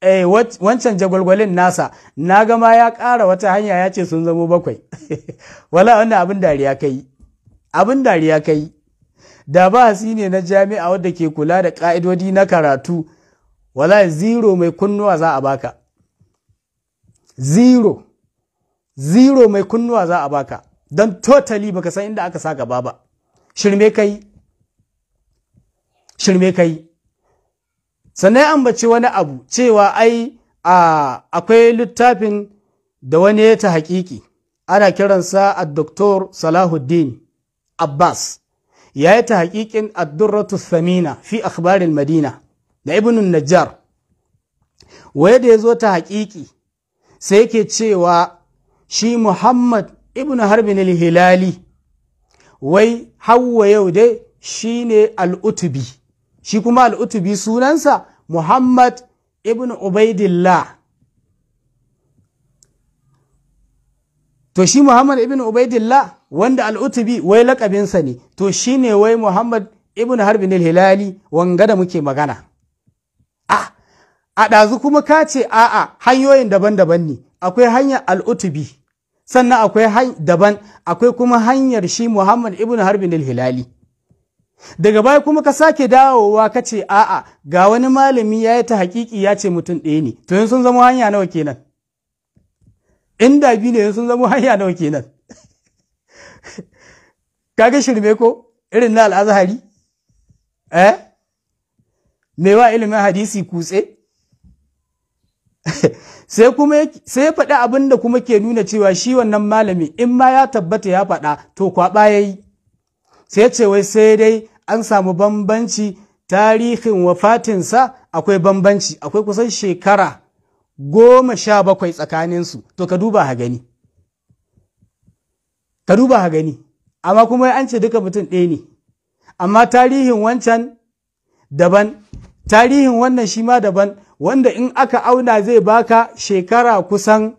eh, wancan jagwalgwalin nasa na gama ya ƙara wata hanya ya ce sun zamo bakwai wala wannan abin dariya kai abin dariya kai da ba si ne na jami'a wadda ke kula da ƙa'idodi na karatu wala zero mai kunnuwa za a baka zero zero mai kunnuwa za a baka don totally baka san inda aka sa gaba ba shirme kai shirme kai sannan ambaci wani abu cewa ai akwai littafin da wani ya ta hakiki ana kiransa a doktor salahuddin abbas ya yi ta hakikin addurratu samina fi akhbarin madina da ibn najjar waye da ya zo ta hakiki sai yake cewa shi muhammad ibn harbin hilali wai hawa yau dai shi ne al'utubi shi kuma al'utubi sunansa muhammad ibn ubaidillah to shi muhammad ibn ubaidillah wanda al'utubi wai lakabinsa ne to shi ne wai muhammad ibn harbin hilali wanga da muke magana ah, a ɗazu kuma ka ce a'a hanyoyin daban-daban ne akwai hanyar al'utubi sannan akwai daban akwai kuma hanyar shi muhammad ibn harbin hilali daga baya kuma ka sake dawowa ka ce a'a ga wani malami ya yi ta hakiki ya ce mutum ɗaya ne to yin sun zama hanya nawa kenan inda biyu ne sun zama hanya nawa kenan kaga shirme ko irin na al'azhari eh mewa wa ilimin hadisi kutse sai kuma sai ya faɗi abin da kuma ke nuna cewa shi wannan malami in ma ya tabbata ya faɗa to kwaɓa ya yi sai ce wai sai dai an samu bambanci tarihin wafatinsa akwai bambanci akwai kusan shekara goma sha bakwai tsakaninsu to ka duba ha gani ka duba ha gani amma kuma an ce duka mutum ɗaya ne amma tarihin wancan daban tarihin wannan shi ma daban wanda in aka auna zai baka shekara kusan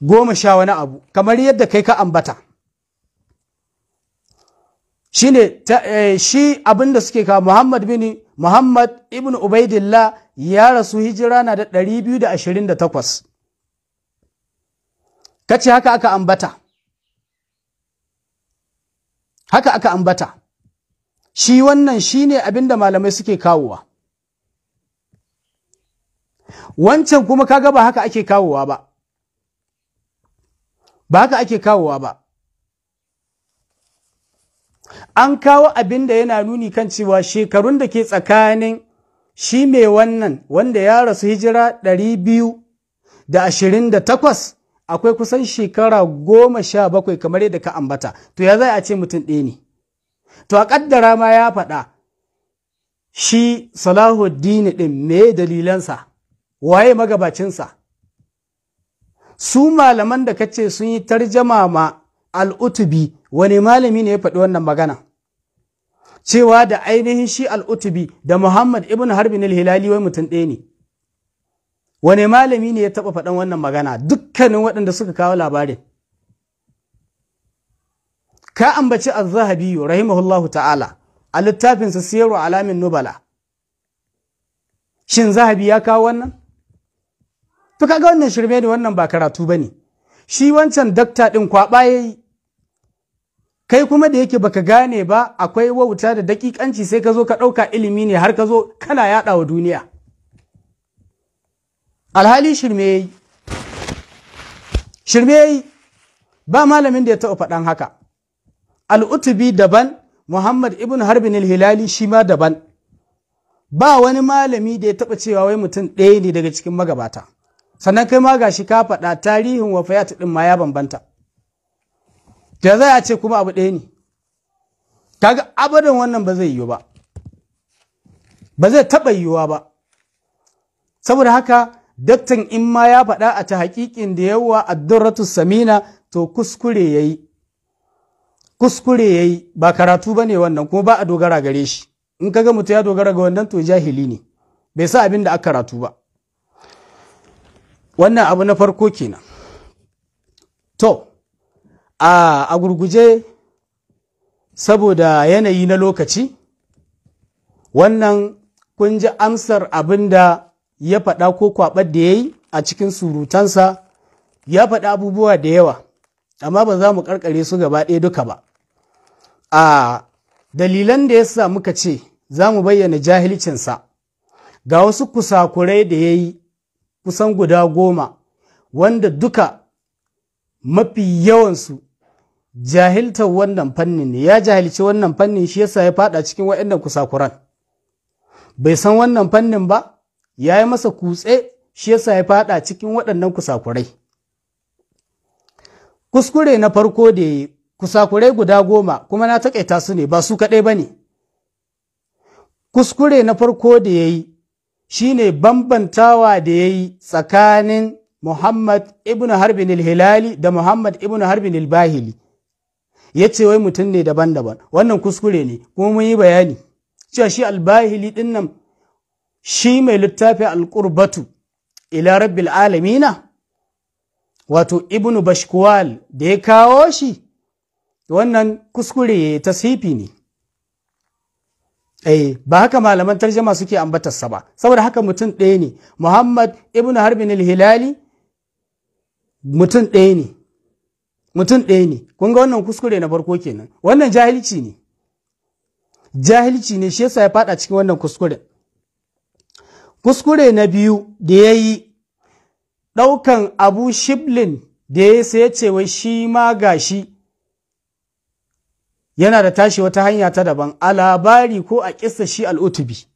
goma sha wani abu kamar yadda kai ka ambata Shi ne eh, shi abin da suke kawo Muhammad Bini Muhammad ibn Ubaidillah ya rasu hijira na da 228 kace haka aka ambata haka aka ambata shi wannan ne abin da malamai suke kawowa wancan kuma kaga ba haka ake kawowa ba ba haka ake kawowa ba an kawo abin da yana nuni kan cewa shekarun da ke tsakanin shi mai wannan wanda ya rasu hijira da 228 akwai kusan shekara goma sha bakwai kamar yadda ka ambata to ya zai a ce mutum ɗaya ne to a ƙaddara ma ya faɗa shi salahuddin ɗin me dalilansa waye magabacinsa su malaman da kace sun yi tarjama ma al'utubi wani malami ne ya faɗi wannan magana cewa da ainihin shi al'utubi da muhammad ibn Harbi al-hilali wai mutum ɗaya ne Wani malami ne ya taɓa faɗan wannan magana dukkanin waɗanda suka kawo labarin ka ambaci az-zahabi rahimahullahu ta'ala a littafinsa siyarwa alamin nubala shin zahabi ya kawo wannan to kaga wannan shirme ne wannan ba karatu bane shi wancan dakta din kwaba yayi kai kuma da yake baka gane ba akwai wauta da dakikanci sai ka zo ka ɗauka ilimi ne har ka zo kana yaɗa wa duniya alhali shirme yayi shirme yayi ba malamin da ya taɓa faɗan haka al'utubi daban muhammad ibn harbin hilali shi ma daban ba wani malami da ya taɓa cewa wai mutum ɗaya ne daga cikin magabata sannan kai ma gashi ka faɗa tarihin wafayat ɗin ma ya bambanta da za a ce kuma abu ɗaya ne kaga abadan wannan ba zai yiwu ba ba zai taɓa yiwuwa ba saboda haka daktan in ma ya faɗa a ta haƙiƙin da yawa durratu samina to kuskure ya yi kuskure ya yi ba karatu ba ne wannan kuma ba a dogara gare shi in kaga mutum ya dogara ga wannan to jahili ne bai sa abin da aka karatu ba wannan abu na farko kenan to a gurguje saboda yanayi na lokaci wannan kun ji amsar abin da ya faɗa ko kwaɓar da ya yi a cikin surutansa ya faɗa abubuwa da yawa amma ba za mu ƙarƙare su gaba ɗaya duka ba a dalilan da ya sa muka ce za mu bayyana jahilcinsa ga wasu kusakurai da ya yi kusan guda goma wanda duka mafi yawansu jahiltar wannan fannin ne ya jahilci wannan fannin shi yasa ya fada cikin waɗannan kusakuran bai san wannan fannin ba ya yi masa kutse shi yasa ya fada cikin waɗannan kusakurai kuskure na farko da ya kusakurai guda goma kuma na taƙaita su ne ba su kaɗai ba ne kuskure na farko da ya yi Shi ne bambantawa da ya yi tsakanin Muhammad ibn Harbin hilali da Muhammad ibn Harbin al-Bahili ya ce wai mutum ne daban-daban wannan kuskure ne kuma mun yi bayani cewa shi al-Bahili nan shi mai littafin al-Qurbatu ila rabbil alamina wato ibn Bashkuwal da ya kawo shi wannan kuskure ya tasifi ne eh ba haka malaman tarjama suke ambatarsa ba saboda haka mutum ɗaya ne muhammad ibn harbin hilali mutum ɗaya ne mutum ɗaya ne kun ga wannan kuskure na farko kenan wannan jahilci ne jahilci ne shi yasa ya fada cikin wannan kuskure kuskure na biyu da ya yi ɗaukan abu shiblin da ya sai ya ce wai shi ma gashi yana da tashi wata hanya ta daban a labari ko a kisa shi al'utubi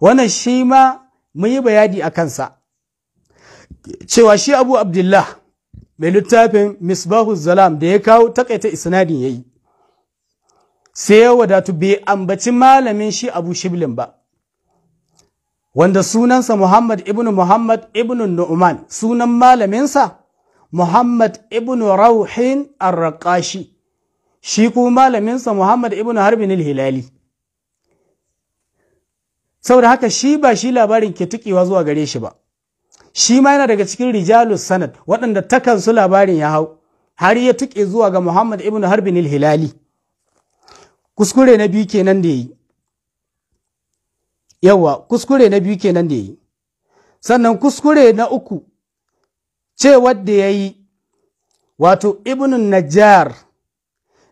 wannan shi ma mun yi bayani a kansa cewa shi abu abdullah mai littafin misbahu zalam da ya kawo takaita isnadin yayi sai ya wadatu bai ambaci malamin shi abu shiblin ba wanda sunansa muhammad ibn muhammad ibn nu'man sunan malaminsa muhammad ibn rauhin arraƙashi shi kuma malaminsa Muhammad ibn Harbin al-Hilali saboda haka shi ba shi labarin ke tukewa zuwa gare shi ba shi ma yana daga cikin rijalus sanad waɗanda takan su labarin ya hau har ya tuke zuwa ga Muhammad ibn Harbin al-Hilali kuskure na biyu kenan da yayi yawa kuskure na biyu kenan da yayi sannan kuskure na uku ce wadda yayi wato ibn Najjar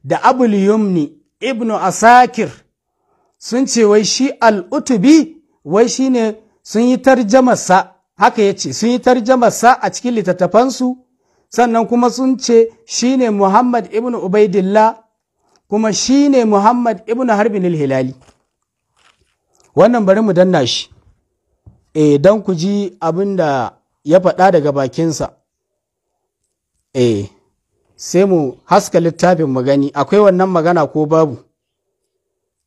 da abul yumni ibnu asakir sun ce wai shi al'utubi wai shi ne sun yi tarjamarsa haka ya ce sun yi tarjamasa a cikin littattafansu sannan kuma sun ce shi ne muhammad ibnu ubaidillah kuma shi ne muhammad ibnu harbin hilali wannan bari mu danna shi e don ku ji abin da ya faɗa daga bakinsa e sai mu haska littafin magani, akwai wannan magana ko babu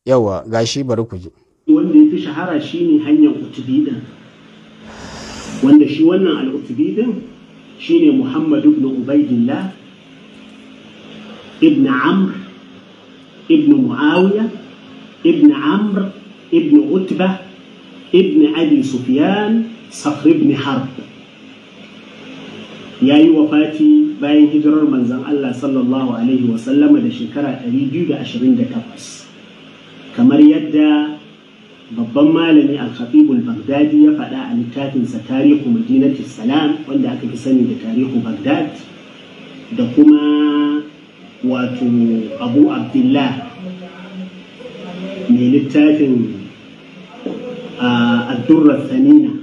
yawa gashi bari ku ji wanda ya fi shahara shine hanyar utubidin wanda shi wannan al'utubi shi shine muhammad ibn ubaidillah ibn amr ibn muawiya ibn amr ibn utba ibn abi sufyan صخر ibn حرب ya yi wafati bayan hijirar manzon Allah sallallahu alaihi wasallama da shekara 228 kamar yadda babban malami al bagdadi baghdadi ya faɗa a littafinsa tarihu madinati salam wanda aka fi sani da tarihu baghdad da kuma wato abu abdullah mai littafin a ah, addurrar sanina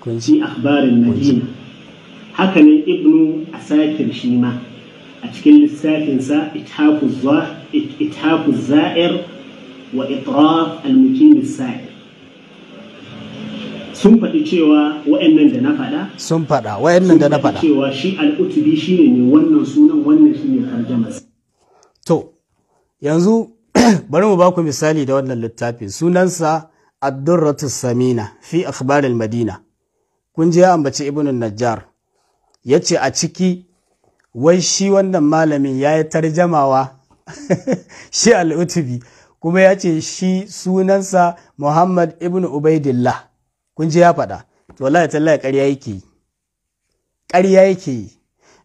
kunci akhbarin madina haka ne ibnu sakin shi ma a cikin lissafinsa ithaku za'ir wa itraf al-mukim sa'ir sun faɗi cewa wa'annan da na faɗa sun faɗa wa'annan da na faɗa cewa shi al-utubi shine ne wannan sunan wannan shine tarjamasa to yanzu bari mu baku misali da wannan littafin sunansa ad samina fi akabarin madina kun ya ambaci ibnu najjar ya ce a ciki wai shi wannan malamin ya yi tarjamawa shi al'utubi kuma ya ce shi sunansa muhammad ibn ubaidillah kun ji ya faɗa to wallahi tallahi ƙarya yake yi ƙarya yake yi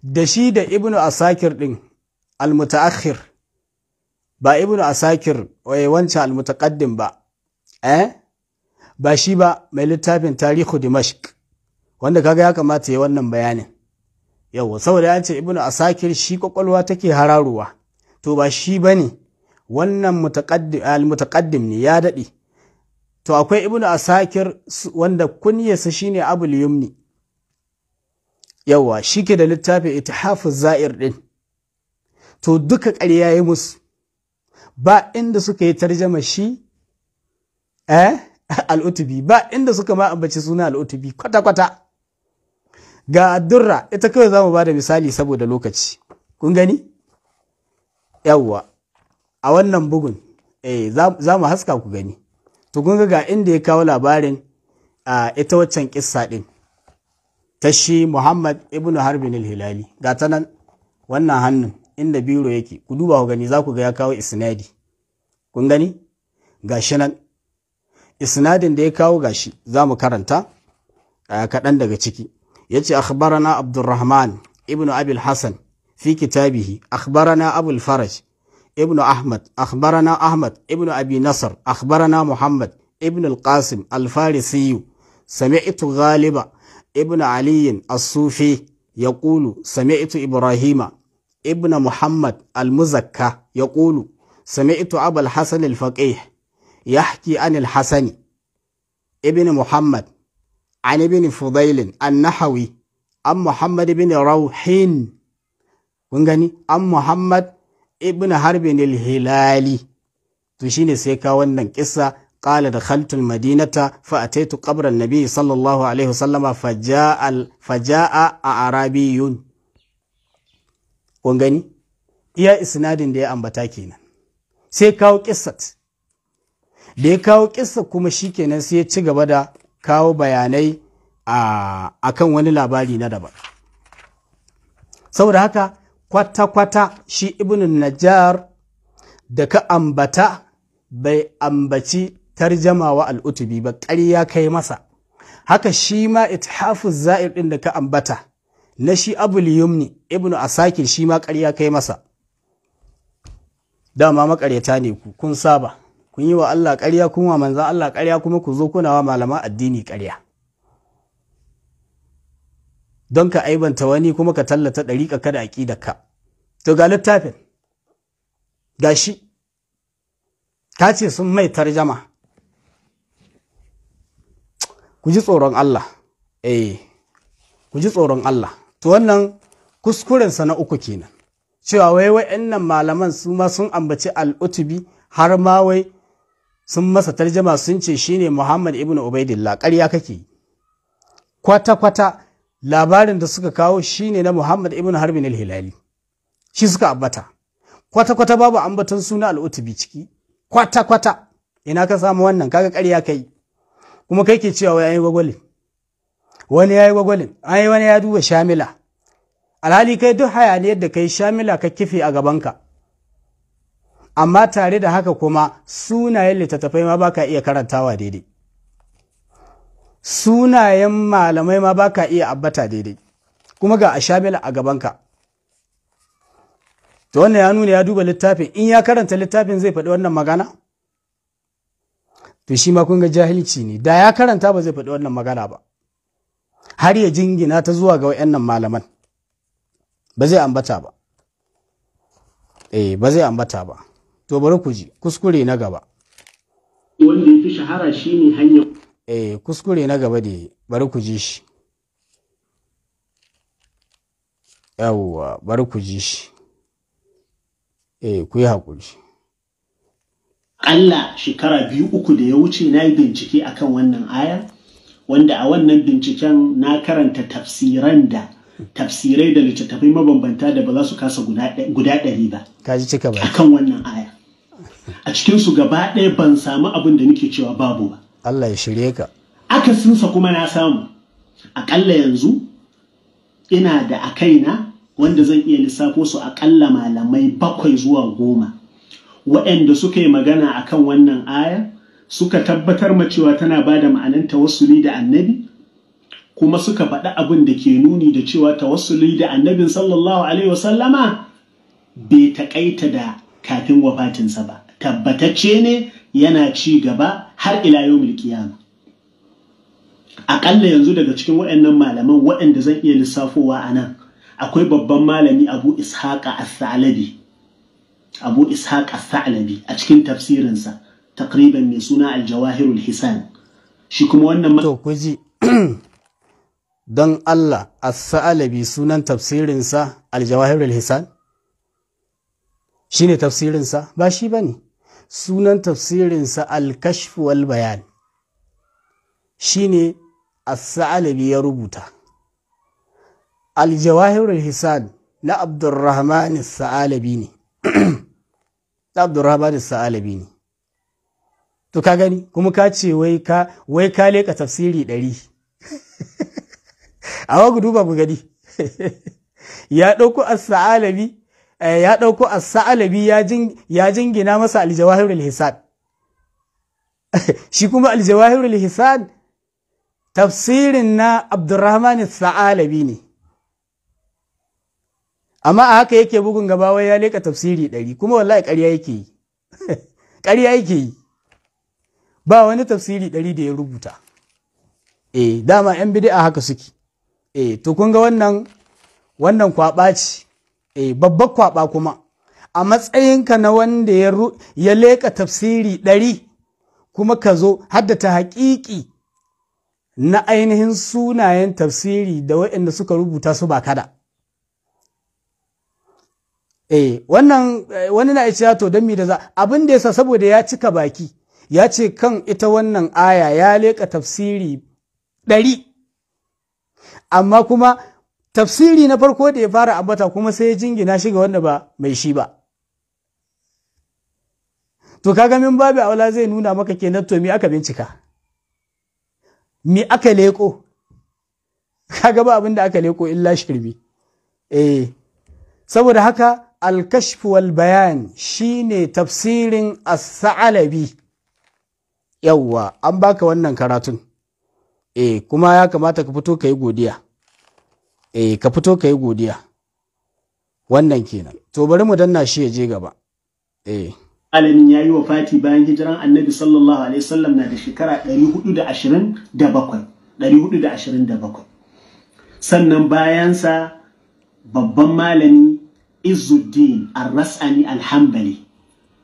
da shi da ibnu asakir ɗin almutaakhir ba ibnu asakir wai eh, wancan almutaqaddim ba eh ba shi ba mai littafin tarihu dimashq wanda kaga ya kamata ya wannan bayanin yau saboda an ce ibnu asakir shi kwakwalwa take hararuwa to ba shi ba ne wannan mutaƙaddim ne ya daɗe to akwai ibnu asakir wanda shi shine abul yumni yawa shi ke da littafin itihafu za'ir ɗin to duka ƙarya ya musu ba inda suka yi tarjama shi eh al'utubi ba inda suka ma ambaci suna al'utubi kwata-kwata ga addurra ita kawai za mu ba da misali saboda lokaci kun gani yawwa a wannan bugun eh za mu haska ku gani to kun ga inda ya kawo labarin a ita waccan kissa din ta shi Muhammad ibn Harbin hilali ga ta nan wannan hannun inda biro yake ku duba ku gani za ku ga ya kawo isnadi kun gani ga shi nan isnadin da ya kawo gashi za mu karanta kaɗan daga ciki yace akhbarana abdurrahman ibnu abil hasan fi kitabihi akhbarana abul faraj ibnu ahmad akhbarana ahmad ibnu abi nasr akhbarana muhammad ibnu al-qasim al-farisi sami'tu ghaliba ibnu ali as-sufi yaqulu sami'tu ibrahima ibnu muhammad al-muzakka yaqulu sami'tu abul hasan al-faqih yahki an al ibnu muhammad عن ابن فضيل النحوي عن محمد بن روحين gani an Muhammad ibn Harbin al-Hilali to shine sai ka wannan kissa qala dakhaltu al-Madinata fa ataitu qabra an-nabi sallallahu alaihi arabiyun kun iya isnadin da ya ambata kenan sai kawo kissat da ya kawo kissa kuma shi kenan sai ya ci gaba da kawo bayanai a kan wani labari na daban saboda haka kwata-kwata shi ibn najjar da ka ambata bai ambaci tarjamawa al'utubi ba ƙarya kai masa haka shi ma ithafu za'ir ɗin da ka ambata na shi abul yumni ibn asakir shi ma ƙarya kai masa dama makaryata ne ku kun saba kun yi wa Allah ƙarya kun wa manzan Allah ƙarya kuma ku zo kuna wa malaman addini ƙarya don ka aibanta wani kuma ka tallata ɗariƙa ka da ka. to ga littafin ga shi ka ce sun mai tarjama ku ji tsoron Allah eh ku ji tsoron Allah to wannan kuskurensa na uku kenan cewa wai wa'annan malaman su ma sun ambaci al'utubi har ma wai sun masa tarjama sun ce shine Muhammad ibn Ubaidillah ƙarya kake kwata-kwata labarin da suka kawo shine na Muhammad ibn Harbin al-Hilali shi suka ambata kwata-kwata babu ambaton suna al'utubi ciki kwata-kwata ina ka samu wannan kaga ƙarya kai kuma kai ke cewa yayi gwagwalin wani yayi gwagwalin yi wani ya duba shamila alhali kai duk hayaniyar da kai shamila ka kife a gabanka amma tare da haka kuma sunayen littattafai ma baka iya karantawa daidai sunayen malamai ma baka iya abbata daidai kuma ga ashamila a gabanka ta wannan ya nuna ya duba littafin in ya karanta littafin zai faɗi wannan magana to shi ma kun ga jahilci ne da ya karanta ba zai faɗi wannan magana ba har ya jingina ta zuwa ga wayannan malaman ba zai ambata ba eh ba zai ambata ba to bari ku ji kuskure na gaba wanda ya fi shahara shine hanyar eh kuskure na gaba da bari ku ji shi yawwa bari ku ji shi eh ku yi haƙuri Allah shekara biyu uku da ya wuce na yi bincike akan wannan aya wanda a wannan binciken na karanta tafsiran da tafsirai da littattafai mabambanta da ba za su kasa guda ɗari ba. ba. Akan wannan aya. a cikinsu gaba ɗaya ban samu abin da nake cewa babu ba Allah ya shirye ka akasinsa kuma na samu akalla yanzu ina da a kaina wanda zan iya lissafo su aƙalla malamai bakwai zuwa goma waɗanda suka yi magana akan wannan aya suka tabbatar ma cewa tana ba da ma'anan tawassuli da annabi kuma suka faɗi abin da ke nuni da cewa tawassuli da annabin sallallahu alaihi wasallama bai taƙaita da kafin wafatinsa ba tabbatacce ne yana ci gaba har ila yawmil qiyama aƙalla yanzu daga cikin waɗannan malaman waɗanda zan iya lissafowa a nan akwai babban malami abu ishaqa al-thalabi abu ishaq al-thalabi a cikin tafsirinsa takriban mai suna al-jawahirul hisan shi kuma wannan to ku don Allah al-thalabi sunan tafsirinsa al-jawahirul hisan shine tafsirinsa ba shi bane sunan tafsirinsa al-kashf wal bayan Shi ne saalabi ya rubuta al hisan na abdurrahman saalabi ne abdurrahman saalabi ne to ka gani kuma ka ce wai ka wai ka leka tafsiri ɗari a wagu duba ku gani ya ɗauko as-sa'alabi Eh, ya ɗauko a sa'alabi ya jingina masa al hisad shi kuma aljawahirul hisad tafsirin na abdurrahman sa'alabi ne amma a haka yake bugun gaba ya leka tafsiri ɗari kuma wallahi ƙarya yake yi ƙarya yake yi ba wani tafsiri ɗari da ya rubuta eh dama yan a haka suke eh to kun ga wannan wannan eh babbar kwaba kuma a matsayinka na wanda ya leka tafsiri ɗari kuma ka zo haddata haƙiƙi na ainihin sunayen tafsiri da waɗanda suka rubuta su ba kada eh wannan eh, wani na cewa to don da za abin da yasa saboda ya cika baki ya ce kan ita wannan aya ya leƙa tafsiri ɗari amma kuma tafsiri na farko da ya fara ambata kuma sai ya jingina shi ga wanda ba mai shi ba to kaga min babu aula zai nuna maka kenan to me aka bincika me aka leko kaga ba abin da aka leko illa shirbi eh saboda haka al-kashf wal bayan shine tafsirin as-sa'alabi yawwa an baka wannan karatun eh kuma ya kamata ka fito ka yi godiya e ka fito ka yi godiya wannan kenan to bari mu danna shi ya je gaba eh alamin ya yi wa Fati bayan hijiran annabi sallallahu alaihi wasallam na da shekara 427 427 sannan bayansa babban malami izuddin arrasani alhambali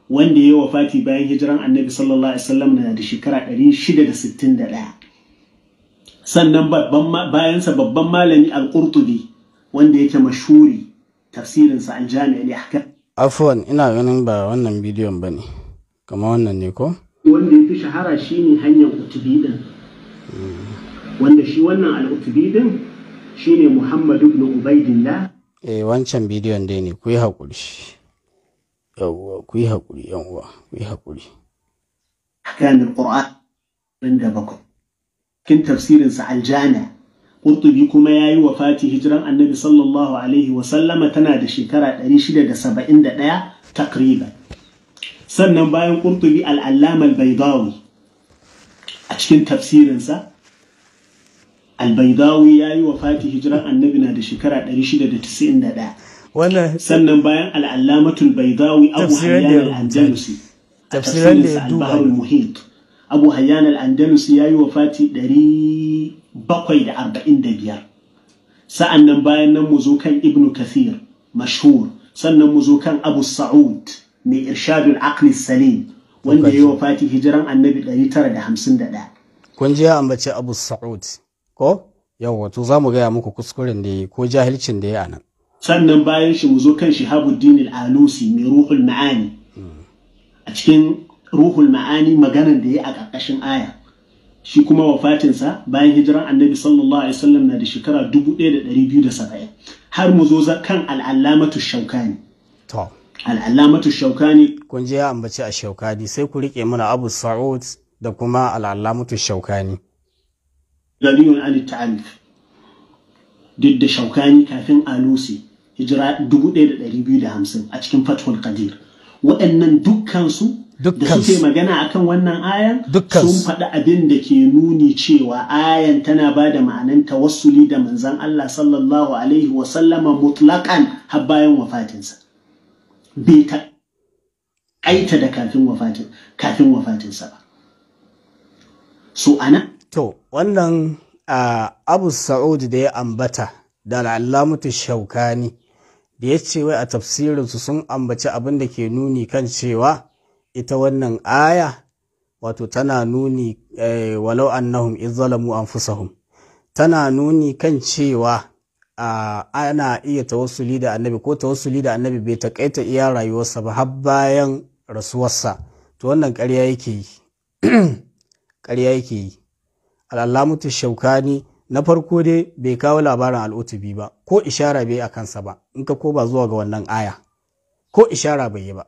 wanda ya yi wa Fati bayan hijiran annabi sallallahu alaihi wasallam na da shekara 661 sannan babban bayansa babban malami al-qurtubi wanda yake mashuri sa an jami'a haka. afwan ina ganin ba wannan bidiyon bane kamar wannan ne ko wanda yafi shahara shine hanyar utubi din wanda shi wannan al-utubi din shine muhammad ibn ubaidillah eh wancan bidiyon dai ne ku yi hakuri yawwa ku yi hakuri yan ku yi hakuri al qur'an 27 kin tafsirin sa aljana ƙurtubi kuma ya yayi wafati hijiran Annabi sallallahu alaihi wa sallama tana da shekara 671 takriban sannan bayan ƙurtubi al-Allama al a cikin tafsirinsa sa ya yi yayi wafati hijiran Annabi na da shekara 691 sannan bayan al-Allamatul Baydawi Abu Hayyan al a tafsirin sa al-Bahr al-Muhit abu hayyan al'andalus ya yi wa wafati 745 sa'an nan bayan nan mu zo kan ibn kathir mashhur sannan mu zo kan abu sa'ud mai irshadul aqli salim wanda ya yi fati hijiran annabi 951 kun ji ya ambace abu sa'ud ko yau wato za mu gaya muku kuskuren da ya ko jahilcin da ya anan sannan bayan shi mu zo kan shihabuddin al-alusi mai ruhul ma'ani hmm. a cikin ruhul ma'ani maganan da ya a ƙarƙashin aya shi kuma wafatinsa bayan hijiran annabi sallallahu alaihi wasallam na da shekara 1270 har mu zo kan al'allamatu shaukani to al'allamatu shaukani kun je ya ambaci a shaukani sai ku rike mana abu sa'ud da kuma al'allamatu shaukani galiyun an ta'alif duk da shaukani kafin alusi hijira 1250 a cikin fathul qadir waɗannan dukkan su dukkan suke magana akan wannan ayan sun faɗi abin da ke nuni cewa ayan tana ba da ma'anan tawassuli da manzan Allah sallallahu alaihi wa sallama mutlaqan har bayan wafatinsa bai ta aita da kafin wafatin kafin wafatinsa ba so ana to wannan Abu Sa'ud da ya ambata da al'allamatu shaukani da ya ce wai a tafsirinsu sun ambaci abin da ke nuni kan cewa ita wannan aya wato tana nuni eh, walau annahum izzalamu anfusahum tana nuni kan cewa ana iya tawassuli da annabi ko tawassuli da annabi bai takaita iya rayuwarsa ba har bayan rasuwarsa to wannan karya yake yi ƙarya yake yi al'allamutu shaukani na farko dai bai kawo labarin al'utubi ba ko ishara bai a kansa ba in ka ko ba zuwa ga wannan aya ko ishara bai yi ba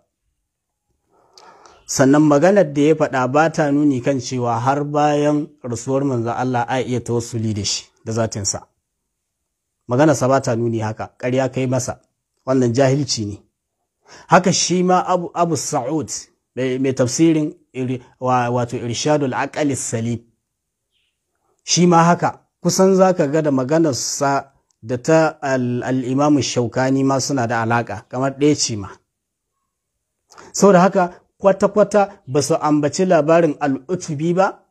sannan maganar da ya faɗa ba ta nuni kan cewa har bayan rasuwar manzan Allah a iya tawassuli da shi da zatinsa maganarsa ba ta nuni haka ƙarya kai masa wannan jahilci ne haka shi ma abu, sa'ud mai tafsirin wato irshadul aqali salim shi ma haka kusan za ka ga da maganarsa da ta al'imamu shaukani ma suna da alaƙa kamar ɗaya ce ma sau da haka kwata-kwata ba su ambaci labarin al'utubi ba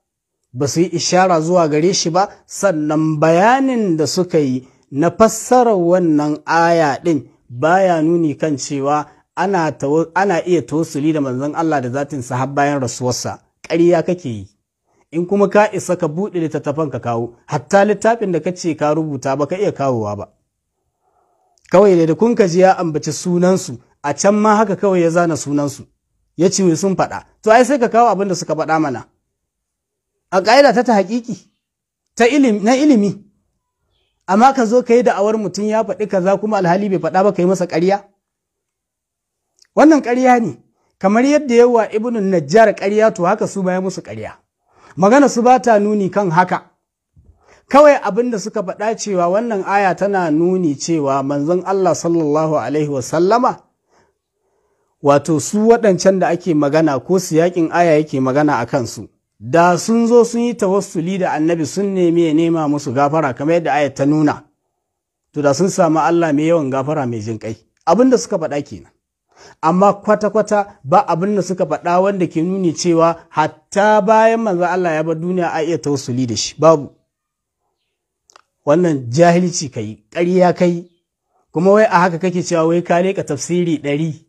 ba su yi ishara zuwa gare shi ba sannan bayanin da suka yi na fassarar wannan aya ɗin ba ya nuni kan cewa ana, iya tausuli da manzon Allah da zatin har bayan rasuwarsa ƙarya kake yi in kuma ka isa ka buɗe littattafan ka kawo hatta littafin da ka ce ka rubuta ba ka iya kawowa ba kawai da kun ka ji ya ambaci sunansu a can ma haka kawai ya zana sunansu ya ce sun faɗa to ai sai ka kawo abin da suka faɗa mana a ƙa'ida ta ta haƙiƙi na ilimi amma ka zo ka yi da'awar mutum ya faɗi kaza kuma alhali bai faɗa ba ka yi masa ƙarya wannan ƙarya ne kamar yadda yawa ibnu najjar ƙarya to haka su baya musu ƙarya magana su ba ta nuni kan haka kawai abin da suka faɗa cewa wannan aya tana nuni cewa manzon Allah sallallahu alaihi wasallama wato su waɗancan da ake magana ko su yaƙin aya yake magana a kansu da sun zo sun yi tawassuli da annabi sun nemi ya nema musu gafara kamar yadda aya ta nuna to da sun samu Allah mai yawan gafara mai jin kai abin da suka faɗa kenan amma kwata-kwata ba abin da suka faɗa wanda ke nuni cewa hatta bayan manzo Allah ya bar duniya a iya tawassuli da shi babu wannan jahilci kai ƙarya kai kuma wai a haka kake cewa wai ka leƙa tafsiri ɗari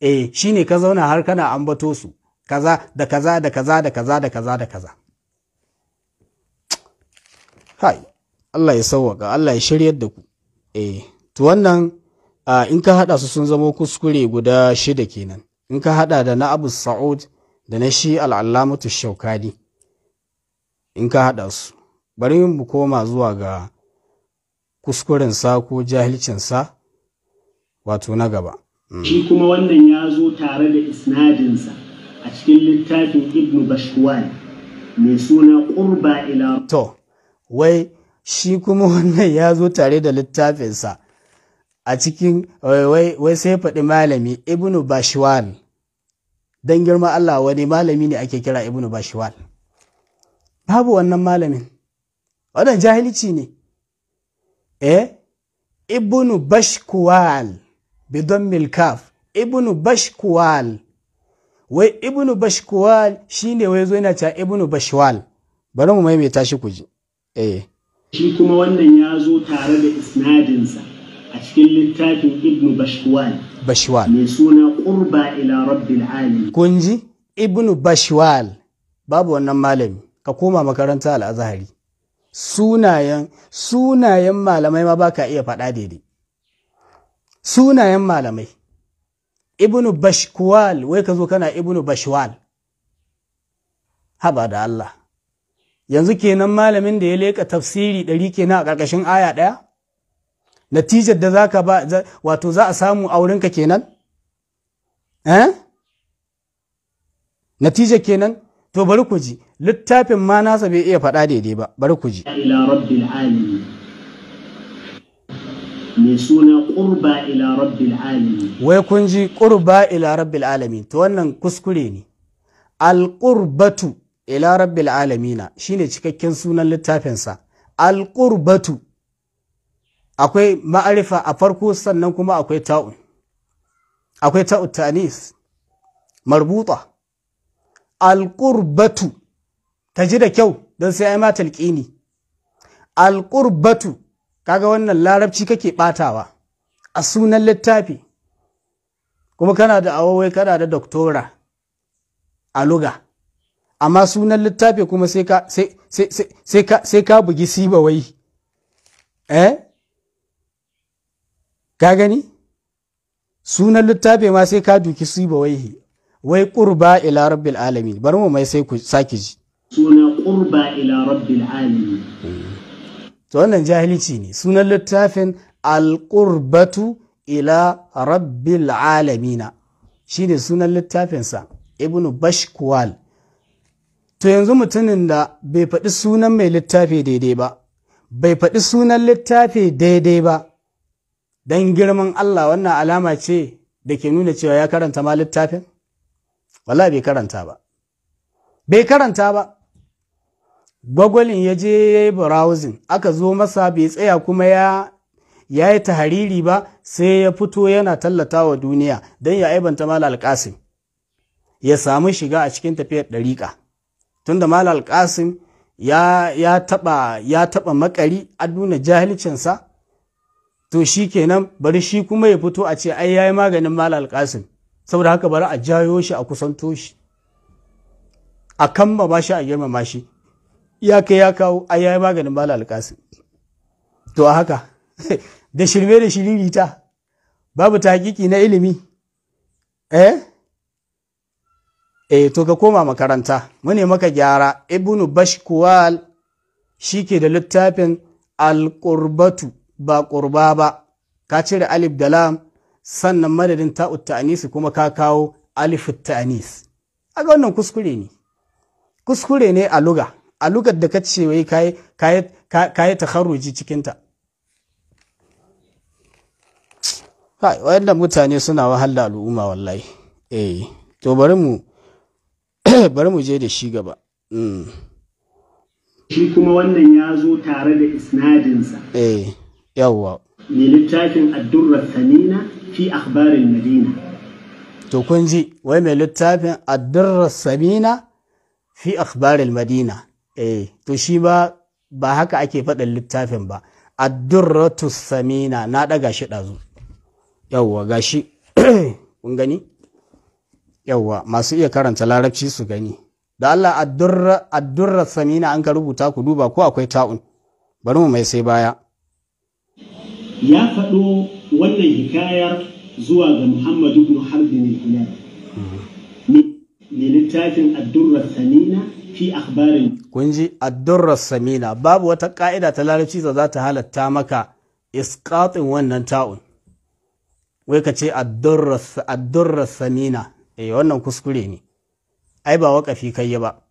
eh shine ka zauna har kana ambato su kaza da kaza da kaza da kaza da kaza da kaza hai Allah ya sauwaka Allah ya shiryar da ku E, to wannan in ka hada su sun zama kuskure guda shida kenan in ka hada da na Abu Sa'ud da na shi al'allamatu shaukadi in ka hada su bari mu koma zuwa ga kuskurensa ko jahilcinsa wato na gaba Mm. shi kuma wannan ya zo tare da isnadinsa a cikin littafin ibn bashwan mai suna ƙurba ila to wai shi kuma wannan ya zo tare da littafinsa a cikin eh, wai sai faɗi malami ibn bashwan don girma Allah wani malami ne ake kira ibn bashwan babu wannan malamin wannan jahilci ne eh ibn bashkwal bidon milkaf ibnu bashkuwal wai ibnu bashkuwal shine wai zo yana cewa ibnu bashwal bari mu maimaita shi ku ji eh shi kuma wannan ya zo tare da isnadinsa a cikin littafin ibnu bashkuwal. bashwal mai suna qurba ila rabbil alamin kun ji ibnu bashwal babu wannan malami ka koma makaranta al-azhari sunayen sunayen malamai ma baka iya faɗa daidai sunayen malamai ibnu bashkwal wai ka zo kana ibnu bashwal haba da Allah yanzu kenan malamin da ya leƙa tafsiri ɗari kenan a ƙarƙashin aya ɗaya natijar da ka ba wato za a samu a kenan eh natijar kenan to bari ku ji littafin ma nasa bai iya faɗa daidai ba bari ku ji ila rabbil alamin mai suna ƙurba ila rabbil alamin wai kun ji ƙurba ila rabbil alamin to wannan kuskure ne alƙurbatu ila rabbil alamina shine cikakken sunan littafinsa alƙurbatu akwai ma'arifa a farko sannan kuma akwai ta'u akwai ta'u tanis marbuta alƙurbatu ta ji da kyau don sai ai ma talƙini alƙurbatu kaga wannan larabci kake batawa a sunan littafi kuma kana da awowai kana da doktora a luga amma sunan littafi kuma sai ka bugi sibawai eh ka gani sunan littafi ma sai ka duki sibawai wai kurba ila rabbil alamin bari mu mai sai ku sake ji sunan kurba ila rabbil alamin hmm. to wannan jahilci ne sunan littafin alƙurbatu ila rabbil alamina shi ne sunan littafinsa ibn bashkwal to yanzu mutumin da bai faɗi sunan mai littafi daidai ba bai faɗi sunan littafi daidai ba don girman Allah wannan alama ce da ke nuna cewa ya karanta ma littafin wala bai karanta ba bai karanta ba gwagwalin ya je ya yi browsing aka zo masa bai tsaya kuma ya ya yi tahariri ba sai ya fito yana tallata wa duniya don ya aibanta malal alƙasim ya samu shiga a cikin tafiyar ɗariƙa tunda malal alƙasim ya, taɓa ya aduna makari a jahilcinsa to shi kenan bari shi kuma ya fito a ce ai ya yi maganin malal alƙasim saboda haka bari a jayo shi a kusanto shi a ba shi a girmama shi ya kai ya kawo a yi maganin bala alƙasi to a haka da shirme da shiririta babu ta hakiki na ilimi eh eh to ka koma makaranta mune maka gyara ibnu bashkwal shike da littafin alqurbatu ba ƙurba ba ka cire alif da lam sannan madadin ta kuma ka kawo alif ta'anis aga wannan kuskure ne kuskure ne a luga a lokacin da ka ce wai yi takharruji cikinta waɗanda mutane suna wahala al'umma wallahi eh to bari mu bari mu je da shi gaba hmm. shi kuma wannan ya zo tare da isnadinsa eh yawwa ne littafin addurra sanina fi akhbarin madina to kun ji wai mai littafin addurra samina fi akhbarin madina eh to shi ba ba haka ake faɗin littafin ba addurratu samina na ɗaga shi ɗazu yawwa gashi kun gani yawwa masu iya karanta larabci su gani da Allah addurra addurra samina an ka rubuta ku duba ko akwai ta'un bari mu mai sai baya ya faɗo wannan hikayar zuwa ga Muhammad ibn Harbin ne mm-hmm. littafin addurra samina fi akhbarin kun ji addurrar samina babu wata ƙa'ida ta larabci za ta halatta maka iskatin wannan ta'un wai ka ce addurrar samina eh wannan kuskure ne ai ba waƙafi kai ba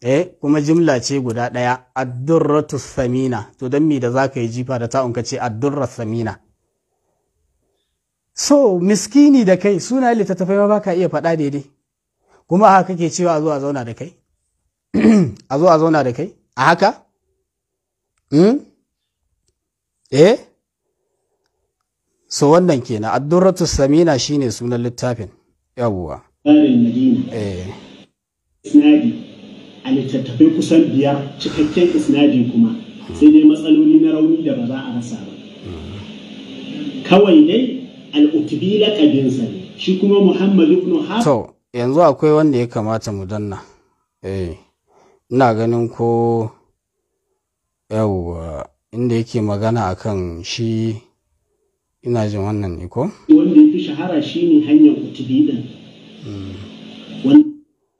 eh kuma jimla ce guda ɗaya addurratu samina to don me da za ka yi jifa da ta'un ka ce addurrar samina so miskini da kai suna littattafai ba ka iya faɗa daidai kuma haka kake cewa zuwa zauna da kai a zo a zauna da kai a haka hmm? eh so wannan kenan addurratu samina shine sunan littafin yawwa eh a littattafai kusan biyar cikakken isnadi kuma sai dai matsaloli na rauni da ba za a rasa ba kawai dai al'utubi kabinsa ne shi kuma muhammadu ibn to yanzu akwai wanda ya kamata mu danna eh ina ganin ko yawwa inda yake magana akan shi ina jin wannan ne ko wanda ya fi shahara shi ne hanyar kutubi mm. wani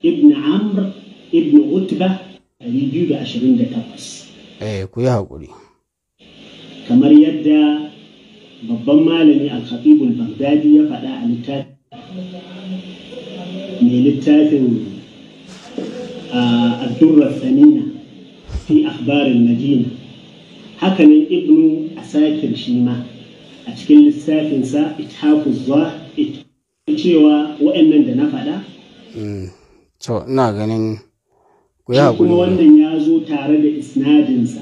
ibn amr ibn utba 228 eh ku yi haƙuri kamar yadda babban malami al-khatibul baghdadi ya faɗa a littafin mai littafin الدرة الثمينة في أخبار المدينة هكذا ابن أساكر شيما أتكلم الساكن سا إتحاف الظاهر cewa wa'annan da na faɗa? to ina ganin ku ya kuma wannan ya zo tare da isnadinsa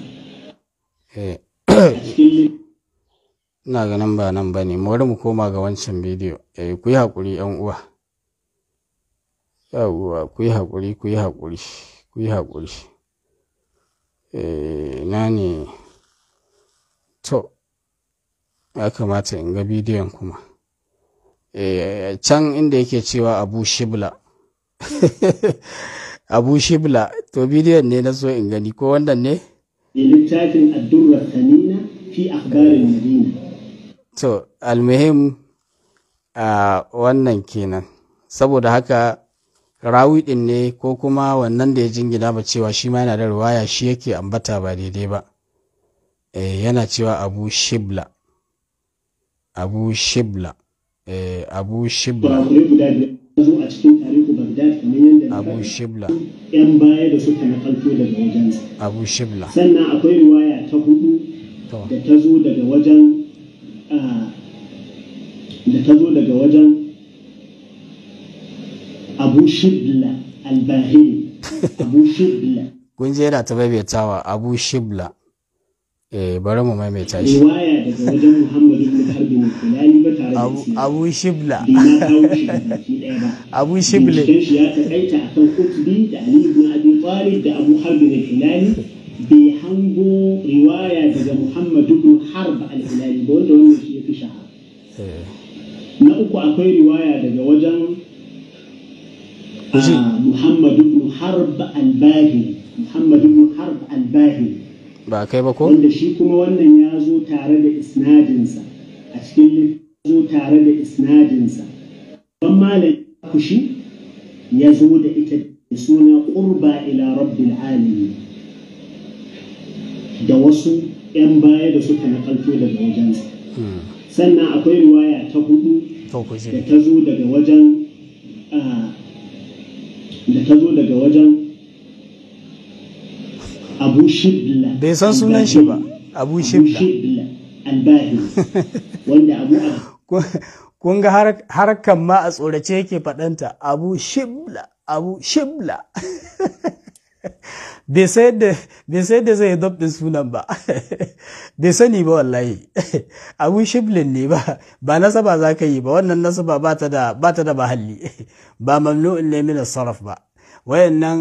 ina ganin ba nan ba ne mu koma ga wancan bidiyo ku yi haƙuri 'yan uwa yawwa ku yi haƙuri ku yi haƙuri ku yi haƙuri eh, na ne to ya kamata in ga bidiyon kuma eh, can inda yake cewa abu shibla abu shibla to bidiyon ne na so in gani ko wannan ne to almuhim a ah, wannan kenan saboda haka rawi ɗin ne ko kuma wannan da ya jingina ba cewa shi ma yana da ruwaya shi yake ambata ba daidai ba e, yana cewa abu shibla abu shibla e, abu shibla abu shibla yan baya da suka daga wajensa abu shibla sannan akwai ruwaya ta hudu da ta zo daga wajen ah, da ta zo daga wajen abu shibla albahiri abu shibla kun je yana ta maimaitawa abu shibla eh bari mu maimaita shi riwaya daga wajen muhammadu ibn harbi mutulani ba tare da abu shibla abu shibla shi ya takaita akan kutubi da ali ibn abi talib da abu harbi mutulani bai hango riwaya daga muhammadu ibn harb al-hilali ba wanda wannan shi ya fi shahara eh. na uku akwai riwaya daga wajen Ah, Muhammad ibn Harb al-Bahili Muhammad ibn Harb al-Bahili ba kai ba ko wanda shi kuma wannan ya zo tare da isnadinsa a cikin zo tare da isnadinsa ban malam kushi ya zo da ita da suna qurba ila rabbil alamin da wasu 'yan baya da suka nakalto daga wajensa hmm. sannan akwai riwaya ta hudu da ta zo daga wajen ah, da ta zo daga wajen abu shibla bai san sunan shi ba abu shibla albahi wanda abu kun ga harkan ma a tsorace yake faɗanta abu shibla abu shibla bai sai da zai dabda sunan ba bai sani ba wallahi abun shiblin ne ba ba nasaba za ka yi ba wannan nasaba ba ta da mahalli ba mamnu'in ne min sarraf ba wayannan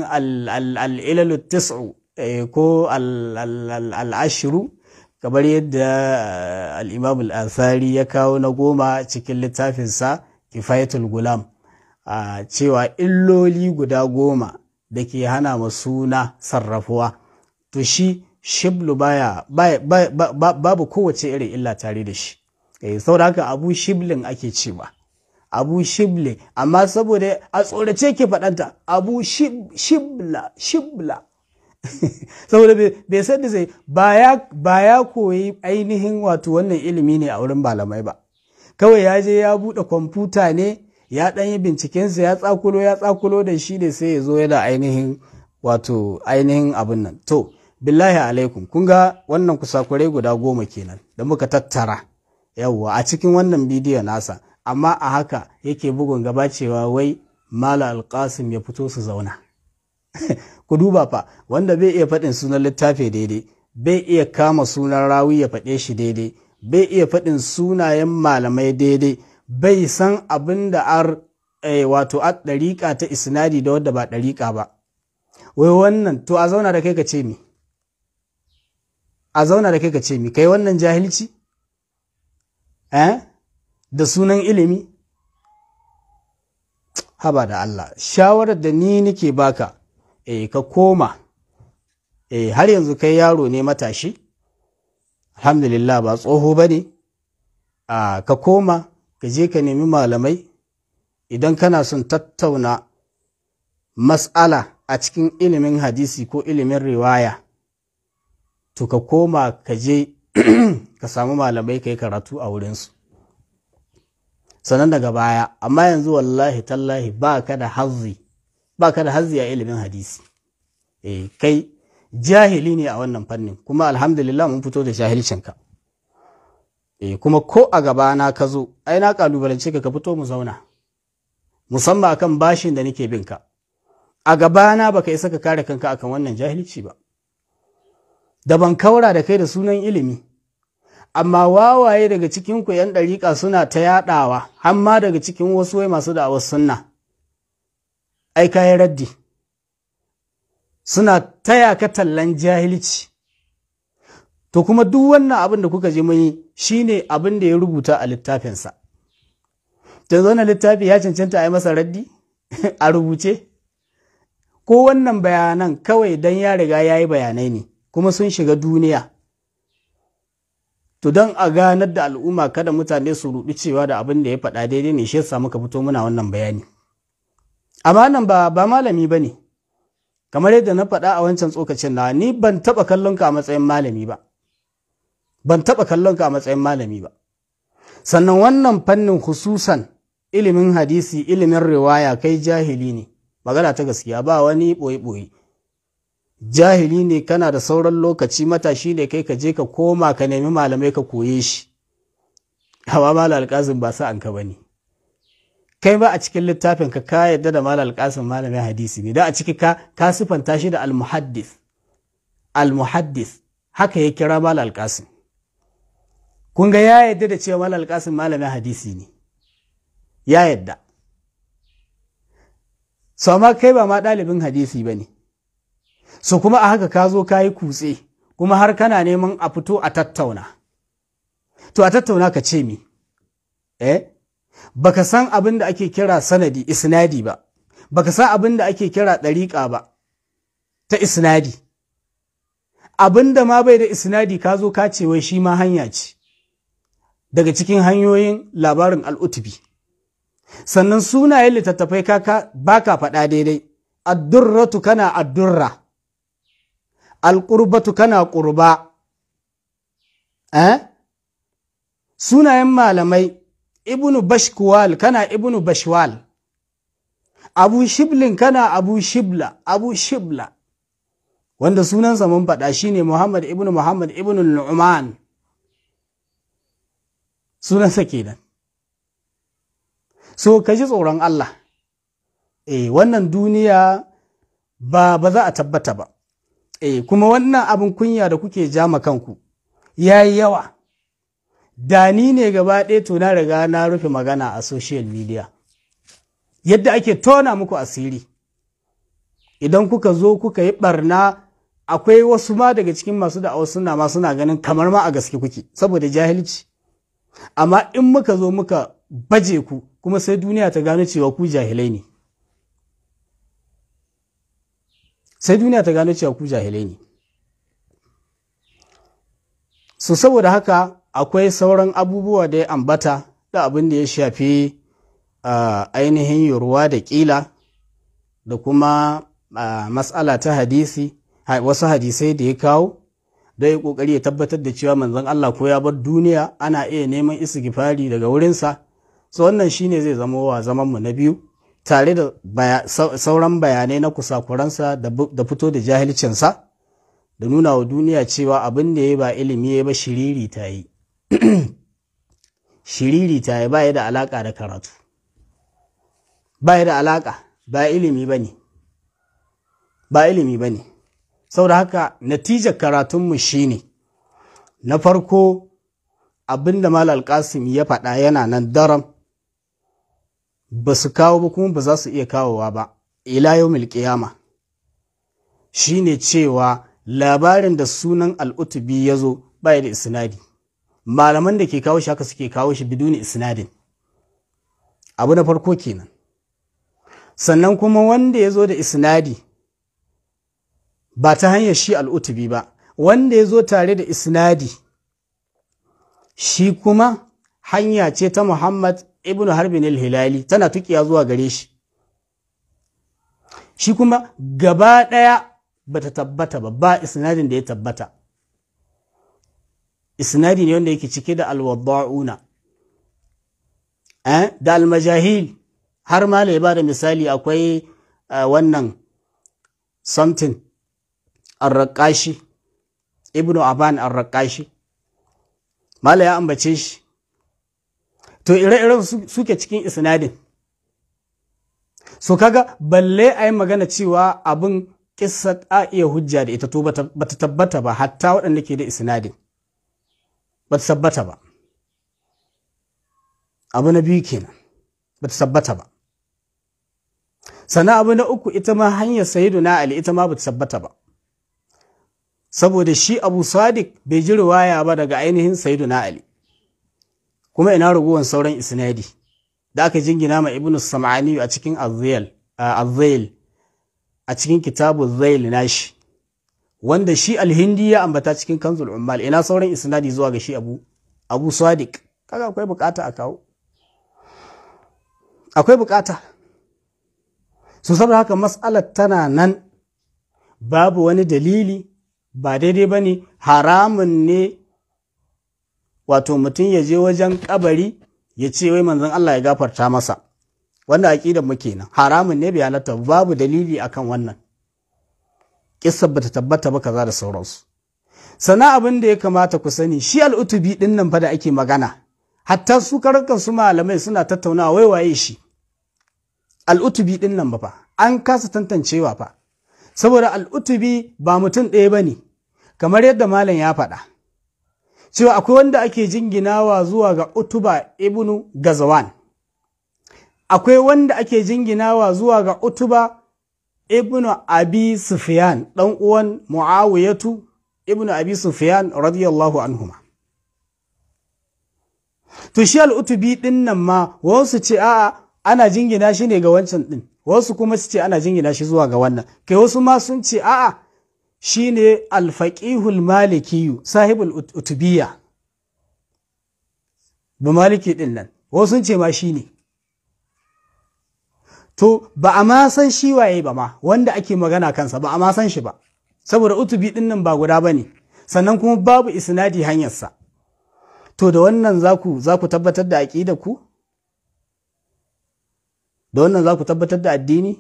al tis'u eh, ko al'ashiru kamar yadda eh, al'imam ansari ya kawo na goma cikin littafinsa kifayatul gulam a ah, cewa illoli guda goma da ke hana ma suna sarrafuwa to shi shiblu baya babu kowace irin illa tare da shi eh, saboda haka abu shiblin ake cewa abu shible amma saboda a tsorace ke faɗanta abu shibla shibla saboda bai san da zai ba ya koyi ainihin wato wannan ilimi ne a wurin malamai ba kawai ya je ya buɗe kwamfuta ne ya ɗan yi bincikensa ya tsakulo ya tsakulo da shi ne sai ya zo yana ainihin wato ainihin abin nan to billahi alaikum kun ga wannan kusakurai guda goma kenan da muka tattara yawwa a cikin wannan bidiyo nasa amma a haka yake bugun gaba cewa wai mala alkasim ya fito su zauna ku duba fa wanda bai iya faɗin sunan littafi daidai bai iya kama sunan rawi ya faɗe shi daidai bai iya faɗin sunayen malamai daidai bai san abin da ar eh, wato a ɗariƙa ta isnadi da wadda ba ɗariƙa ba wai wannan to a zauna da kai ka ce mi a zauna da kai ka ce mi kai wannan jahilci eh da sunan ilimi haba da Allah shawarar da ni nake baka eh ka koma eh har yanzu kai yaro ne matashi alhamdulillah ba tsoho bane a ah, ka koma ka je ka nemi malamai idan kana son tattauna mas'ala a cikin ilimin hadisi ko ilimin riwaya to ka koma ka je ka samu malamai ka yi karatu a wurinsu sannan daga baya amma yanzu wallahi tallahi ba ka da hazzi ba ka da hazzi a ilimin hadisi e, kai jahili ne a wannan fannin kuma alhamdulillah mun fito da jahilcinka eh kuma ko a gaba na ka zo ai na kalubalance ka ka fito mu zauna musamman akan bashin da nake bin ka a gaba na baka isa ka kare kanka akan wannan jahilci ba da ban kaura da kai da sunan ilimi amma wawaye daga cikin ku yan dariƙa suna ta yaɗawa ma daga cikin wasu wai masu da'awar sunna ai kai raddi suna taya ka tallan jahilci to kuma duk wannan abin da kuka je mun shi ne abin da ya rubuta a littafinsa da littafin littafi ya cancanta a yi masa raddi a rubuce ko wannan bayanan kawai don ya riga ya yi bayanai ne kuma sun shiga duniya to don a ganar da al'umma kada mutane su rubi cewa da abin da ya faɗa daidai ne shi ya samu ka fito muna wannan bayani amma nan ba ba malami ba ne kamar yadda na faɗa a wancan tsokacin na ni ban taɓa kallon ka a matsayin malami ba ban taɓa kallon ka a matsayin malami ba sannan wannan fannin hususan ilimin hadisi ilimin riwaya kai jahili ne magana ta gaskiya ba wani ɓoye-ɓoye jahili ne kana da sauran lokaci matashi ne kai ka je ka koma ka nemi malamai ka koye shi hawa mala alƙazin ba sa an ka ba kai ba a cikin littafin ka ka yadda da mala alƙasin malamin hadisi ne da a ciki ka ka sifanta shi da almuhaddis? muhaddis haka ya kira mala alƙasin kun ga ya yadda da cewa malal qasim malamin hadisi ne ya yadda so ma kai ba ma ɗalibin hadisi ba ne so kuma a haka ka zo ka yi kutse kuma har kana neman a fito a tattauna to a tattauna ka ce mi eh baka san abin da ake kira sanadi isnadi ba baka san abin da ake kira ɗariƙa ba ta isnadi abin da ma bai da isnadi ka zo ka ce wai shi ma hanya ce daga cikin hanyoyin labarin al'utubi sannan sunayen littattafai kaka baka faɗa daidai addurratu kana addurra alƙurbatu kana ƙurba eh? sunayen malamai ibnu bashkwal kana ibnu bashwal abu shiblin kana abu shibla abu shibla wanda sunansa mun faɗa shine muhammad ibnu muhammad ibnu nu'man sunansa kenan so ka ji tsoron Allah eh wannan duniya ba ba za a tabbata ba eh kuma wannan abin kunya da kuke jama kanku ya yi yawa da ni ne gaba ɗaya to na riga na rufe magana a social media yadda ake tona muku asiri idan kuka zo kuka yi barna akwai wasu ma daga cikin masu da'awa suna ma suna ganin kamar ma a gaske kuke saboda jahilci amma in muka zo muka baje ku kuma sai duniya ta gano cewa ku jahilai ne sai duniya ta gano cewa ku jahilai ne su saboda haka akwai sauran abubuwa da ya ambata da abin da ya shafi ainihin yorwa da ƙila da kuma matsala ta hadisi wasu hadisai da ya kawo dai kokari ya tabbatar da cewa manzon Allah ko ya bar duniya ana iya neman istighfari daga wurinsa so wannan shine zai zama wa zaman mu na biyu tare da sauran bayanai na kusakuransa da fito da jahilcin sa da nuna wa duniya cewa abin da ya ba ilimi ya ba shiriri ta yi shiriri ta yi ba da alaka da karatu ba da alaka ba ilimi bane ba ilimi ba saboda haka natijar karatunmu shi ne. na farko abin da mal alkasim ya faɗa yana nan daram ba su kawo ba kuma ba za su iya kawowa ba ila yau Shi ne cewa labarin da sunan al'utubi ya zo baya da isinadi. malaman da ke kawo shi haka suke kawo shi biduni isinadin. abu na farko kenan sannan kuma wanda ya zo da isinadi. ba ta hanyar shi al'utubi ba wanda ya zo tare da isnadi shi kuma hanya ce ta muhammad ibn harbin hilali tana tukiya zuwa gare shi shi kuma gaba ɗaya ba ta tabbata ba ba isnadin da ya tabbata isnadi ne wanda yake cike da alwadda'una eh, da almajahil har ma ya ba da misali akwai eh, wannan something arraƙashi ibnu aban arraƙashi mala ya ambace shi to ire-iren suke cikin isnadin so kaga balle a yi magana cewa abin kisa a iya hujja da ita to ba ta tabbata ba hatta waɗanda ke da isnadin ba ta tabbata ba abu na biyu kenan ba ta tabbata ba sannan abu na uku ita ma hanyar sayidu na ali ita ma ba ta tabbata ba saboda shi abu sadiq bai ji riwaya ba daga ainihin na ali kuma ina ragowar sauran isnadi da aka jingina ma ibnu sam'ani a cikin azzail a cikin kitabu zail nashi wanda shi alhindi ya ambata cikin kanzul ummal ina sauran isnadi zuwa ga shi abu abu sadiq kaga akwai bukata a kawo akwai bukata so saboda haka mas'alar tana nan babu wani dalili ba daidai ba ne haramun ne wato mutum ya je wajen kabari ya ce wai manzon Allah ya gafarta masa wanda aƙidar muke nan haramun ne bai halatta babu dalili akan wannan ba bata tabbata ba kaza da sauransu sana abin da ya kamata ku sani shi al'utubi din nan fa da ake magana hatta su karkar su malamai suna tattaunawa wai waye shi al'utubi din nan ba fa an kasa tantancewa fa saboda al'utubi ba mutum ɗaya ba ne kamar yadda malam ya faɗa cewa akwai wanda ake jinginawa zuwa ga utuba ibnu gazawan akwai wanda ake jinginawa zuwa ga utuba ibnu abi sufyan ɗan uwan mu'awiyatu ibnu abi sufyan radiyallahu anhuma to shi al'utubi ɗin nan ma wansu ce a'a ana jingina shi ne ga wancan ɗin wasu kuma su ce ana jingina shi zuwa ga wannan kai wasu ma sun ce a'a shine alfaqihul malikiyu sahibul utubiyya ba maliki din nan wasu sun ce ma shine to ba a ma san shi waye ba ma wanda ake magana kansa ba a ma san shi ba saboda utubi din nan ba guda bane sannan kuma babu isnadi hanyarsa to da wannan za ku tabbatar da aƙidar ku da wannan za ku tabbatar da addini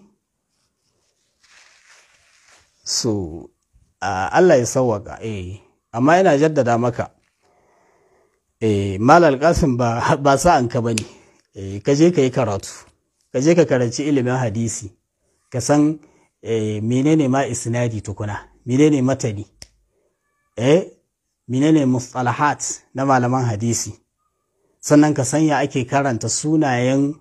so Allah ya sawwaka eh amma yana jaddada maka eh malal qasim ba sa'an ka bane eh ka je ka yi karatu ka je ka karanci ilimin hadisi ka san eh menene ma isnadi tukuna menene matani eh menene mustalahat na malaman hadisi sannan ka sanya ake karanta sunayen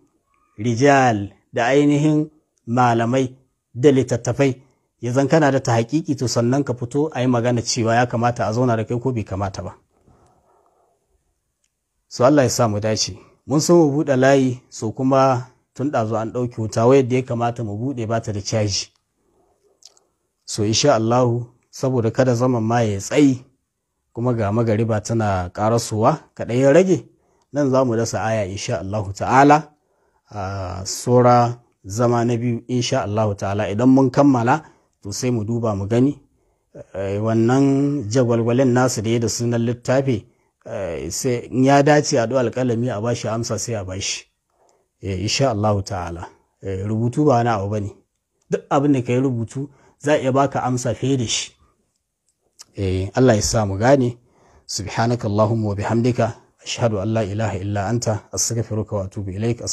rijal da ainihin malamai da littattafai ya zan kana da ta hakiki to sannan ka fito a yi magana cewa ya kamata a zauna da kai ko bai kamata ba su Allah ya samu dace mun so mu buɗe layi so kuma tun ɗazu an ɗauki wuta wayar yadda ya kamata mu buɗe ba ta da caji so isha Allahu saboda kada zaman ma ya tsayi kuma ga magariba tana ƙarasuwa kaɗai ya rage nan za mu dasa aya insha Allahu ta'ala a sura zama na biyu insha Allah ta'ala idan mun kammala to sai mu duba mu gani eh, wannan jagwalgwalin nasu da ya da sunan littafi eh, sai in ya dace a alƙalami a bashi amsa sai a bashi eh, insha Allah ta'ala rubutu ba na abu bane duk abin da ka yi rubutu za a iya baka amsa fiye da shi Allah ya sa mu gane subhanakallahumma wa bihamdika ashhadu an la ilaha illa anta astaghfiruka wa atubu ilaik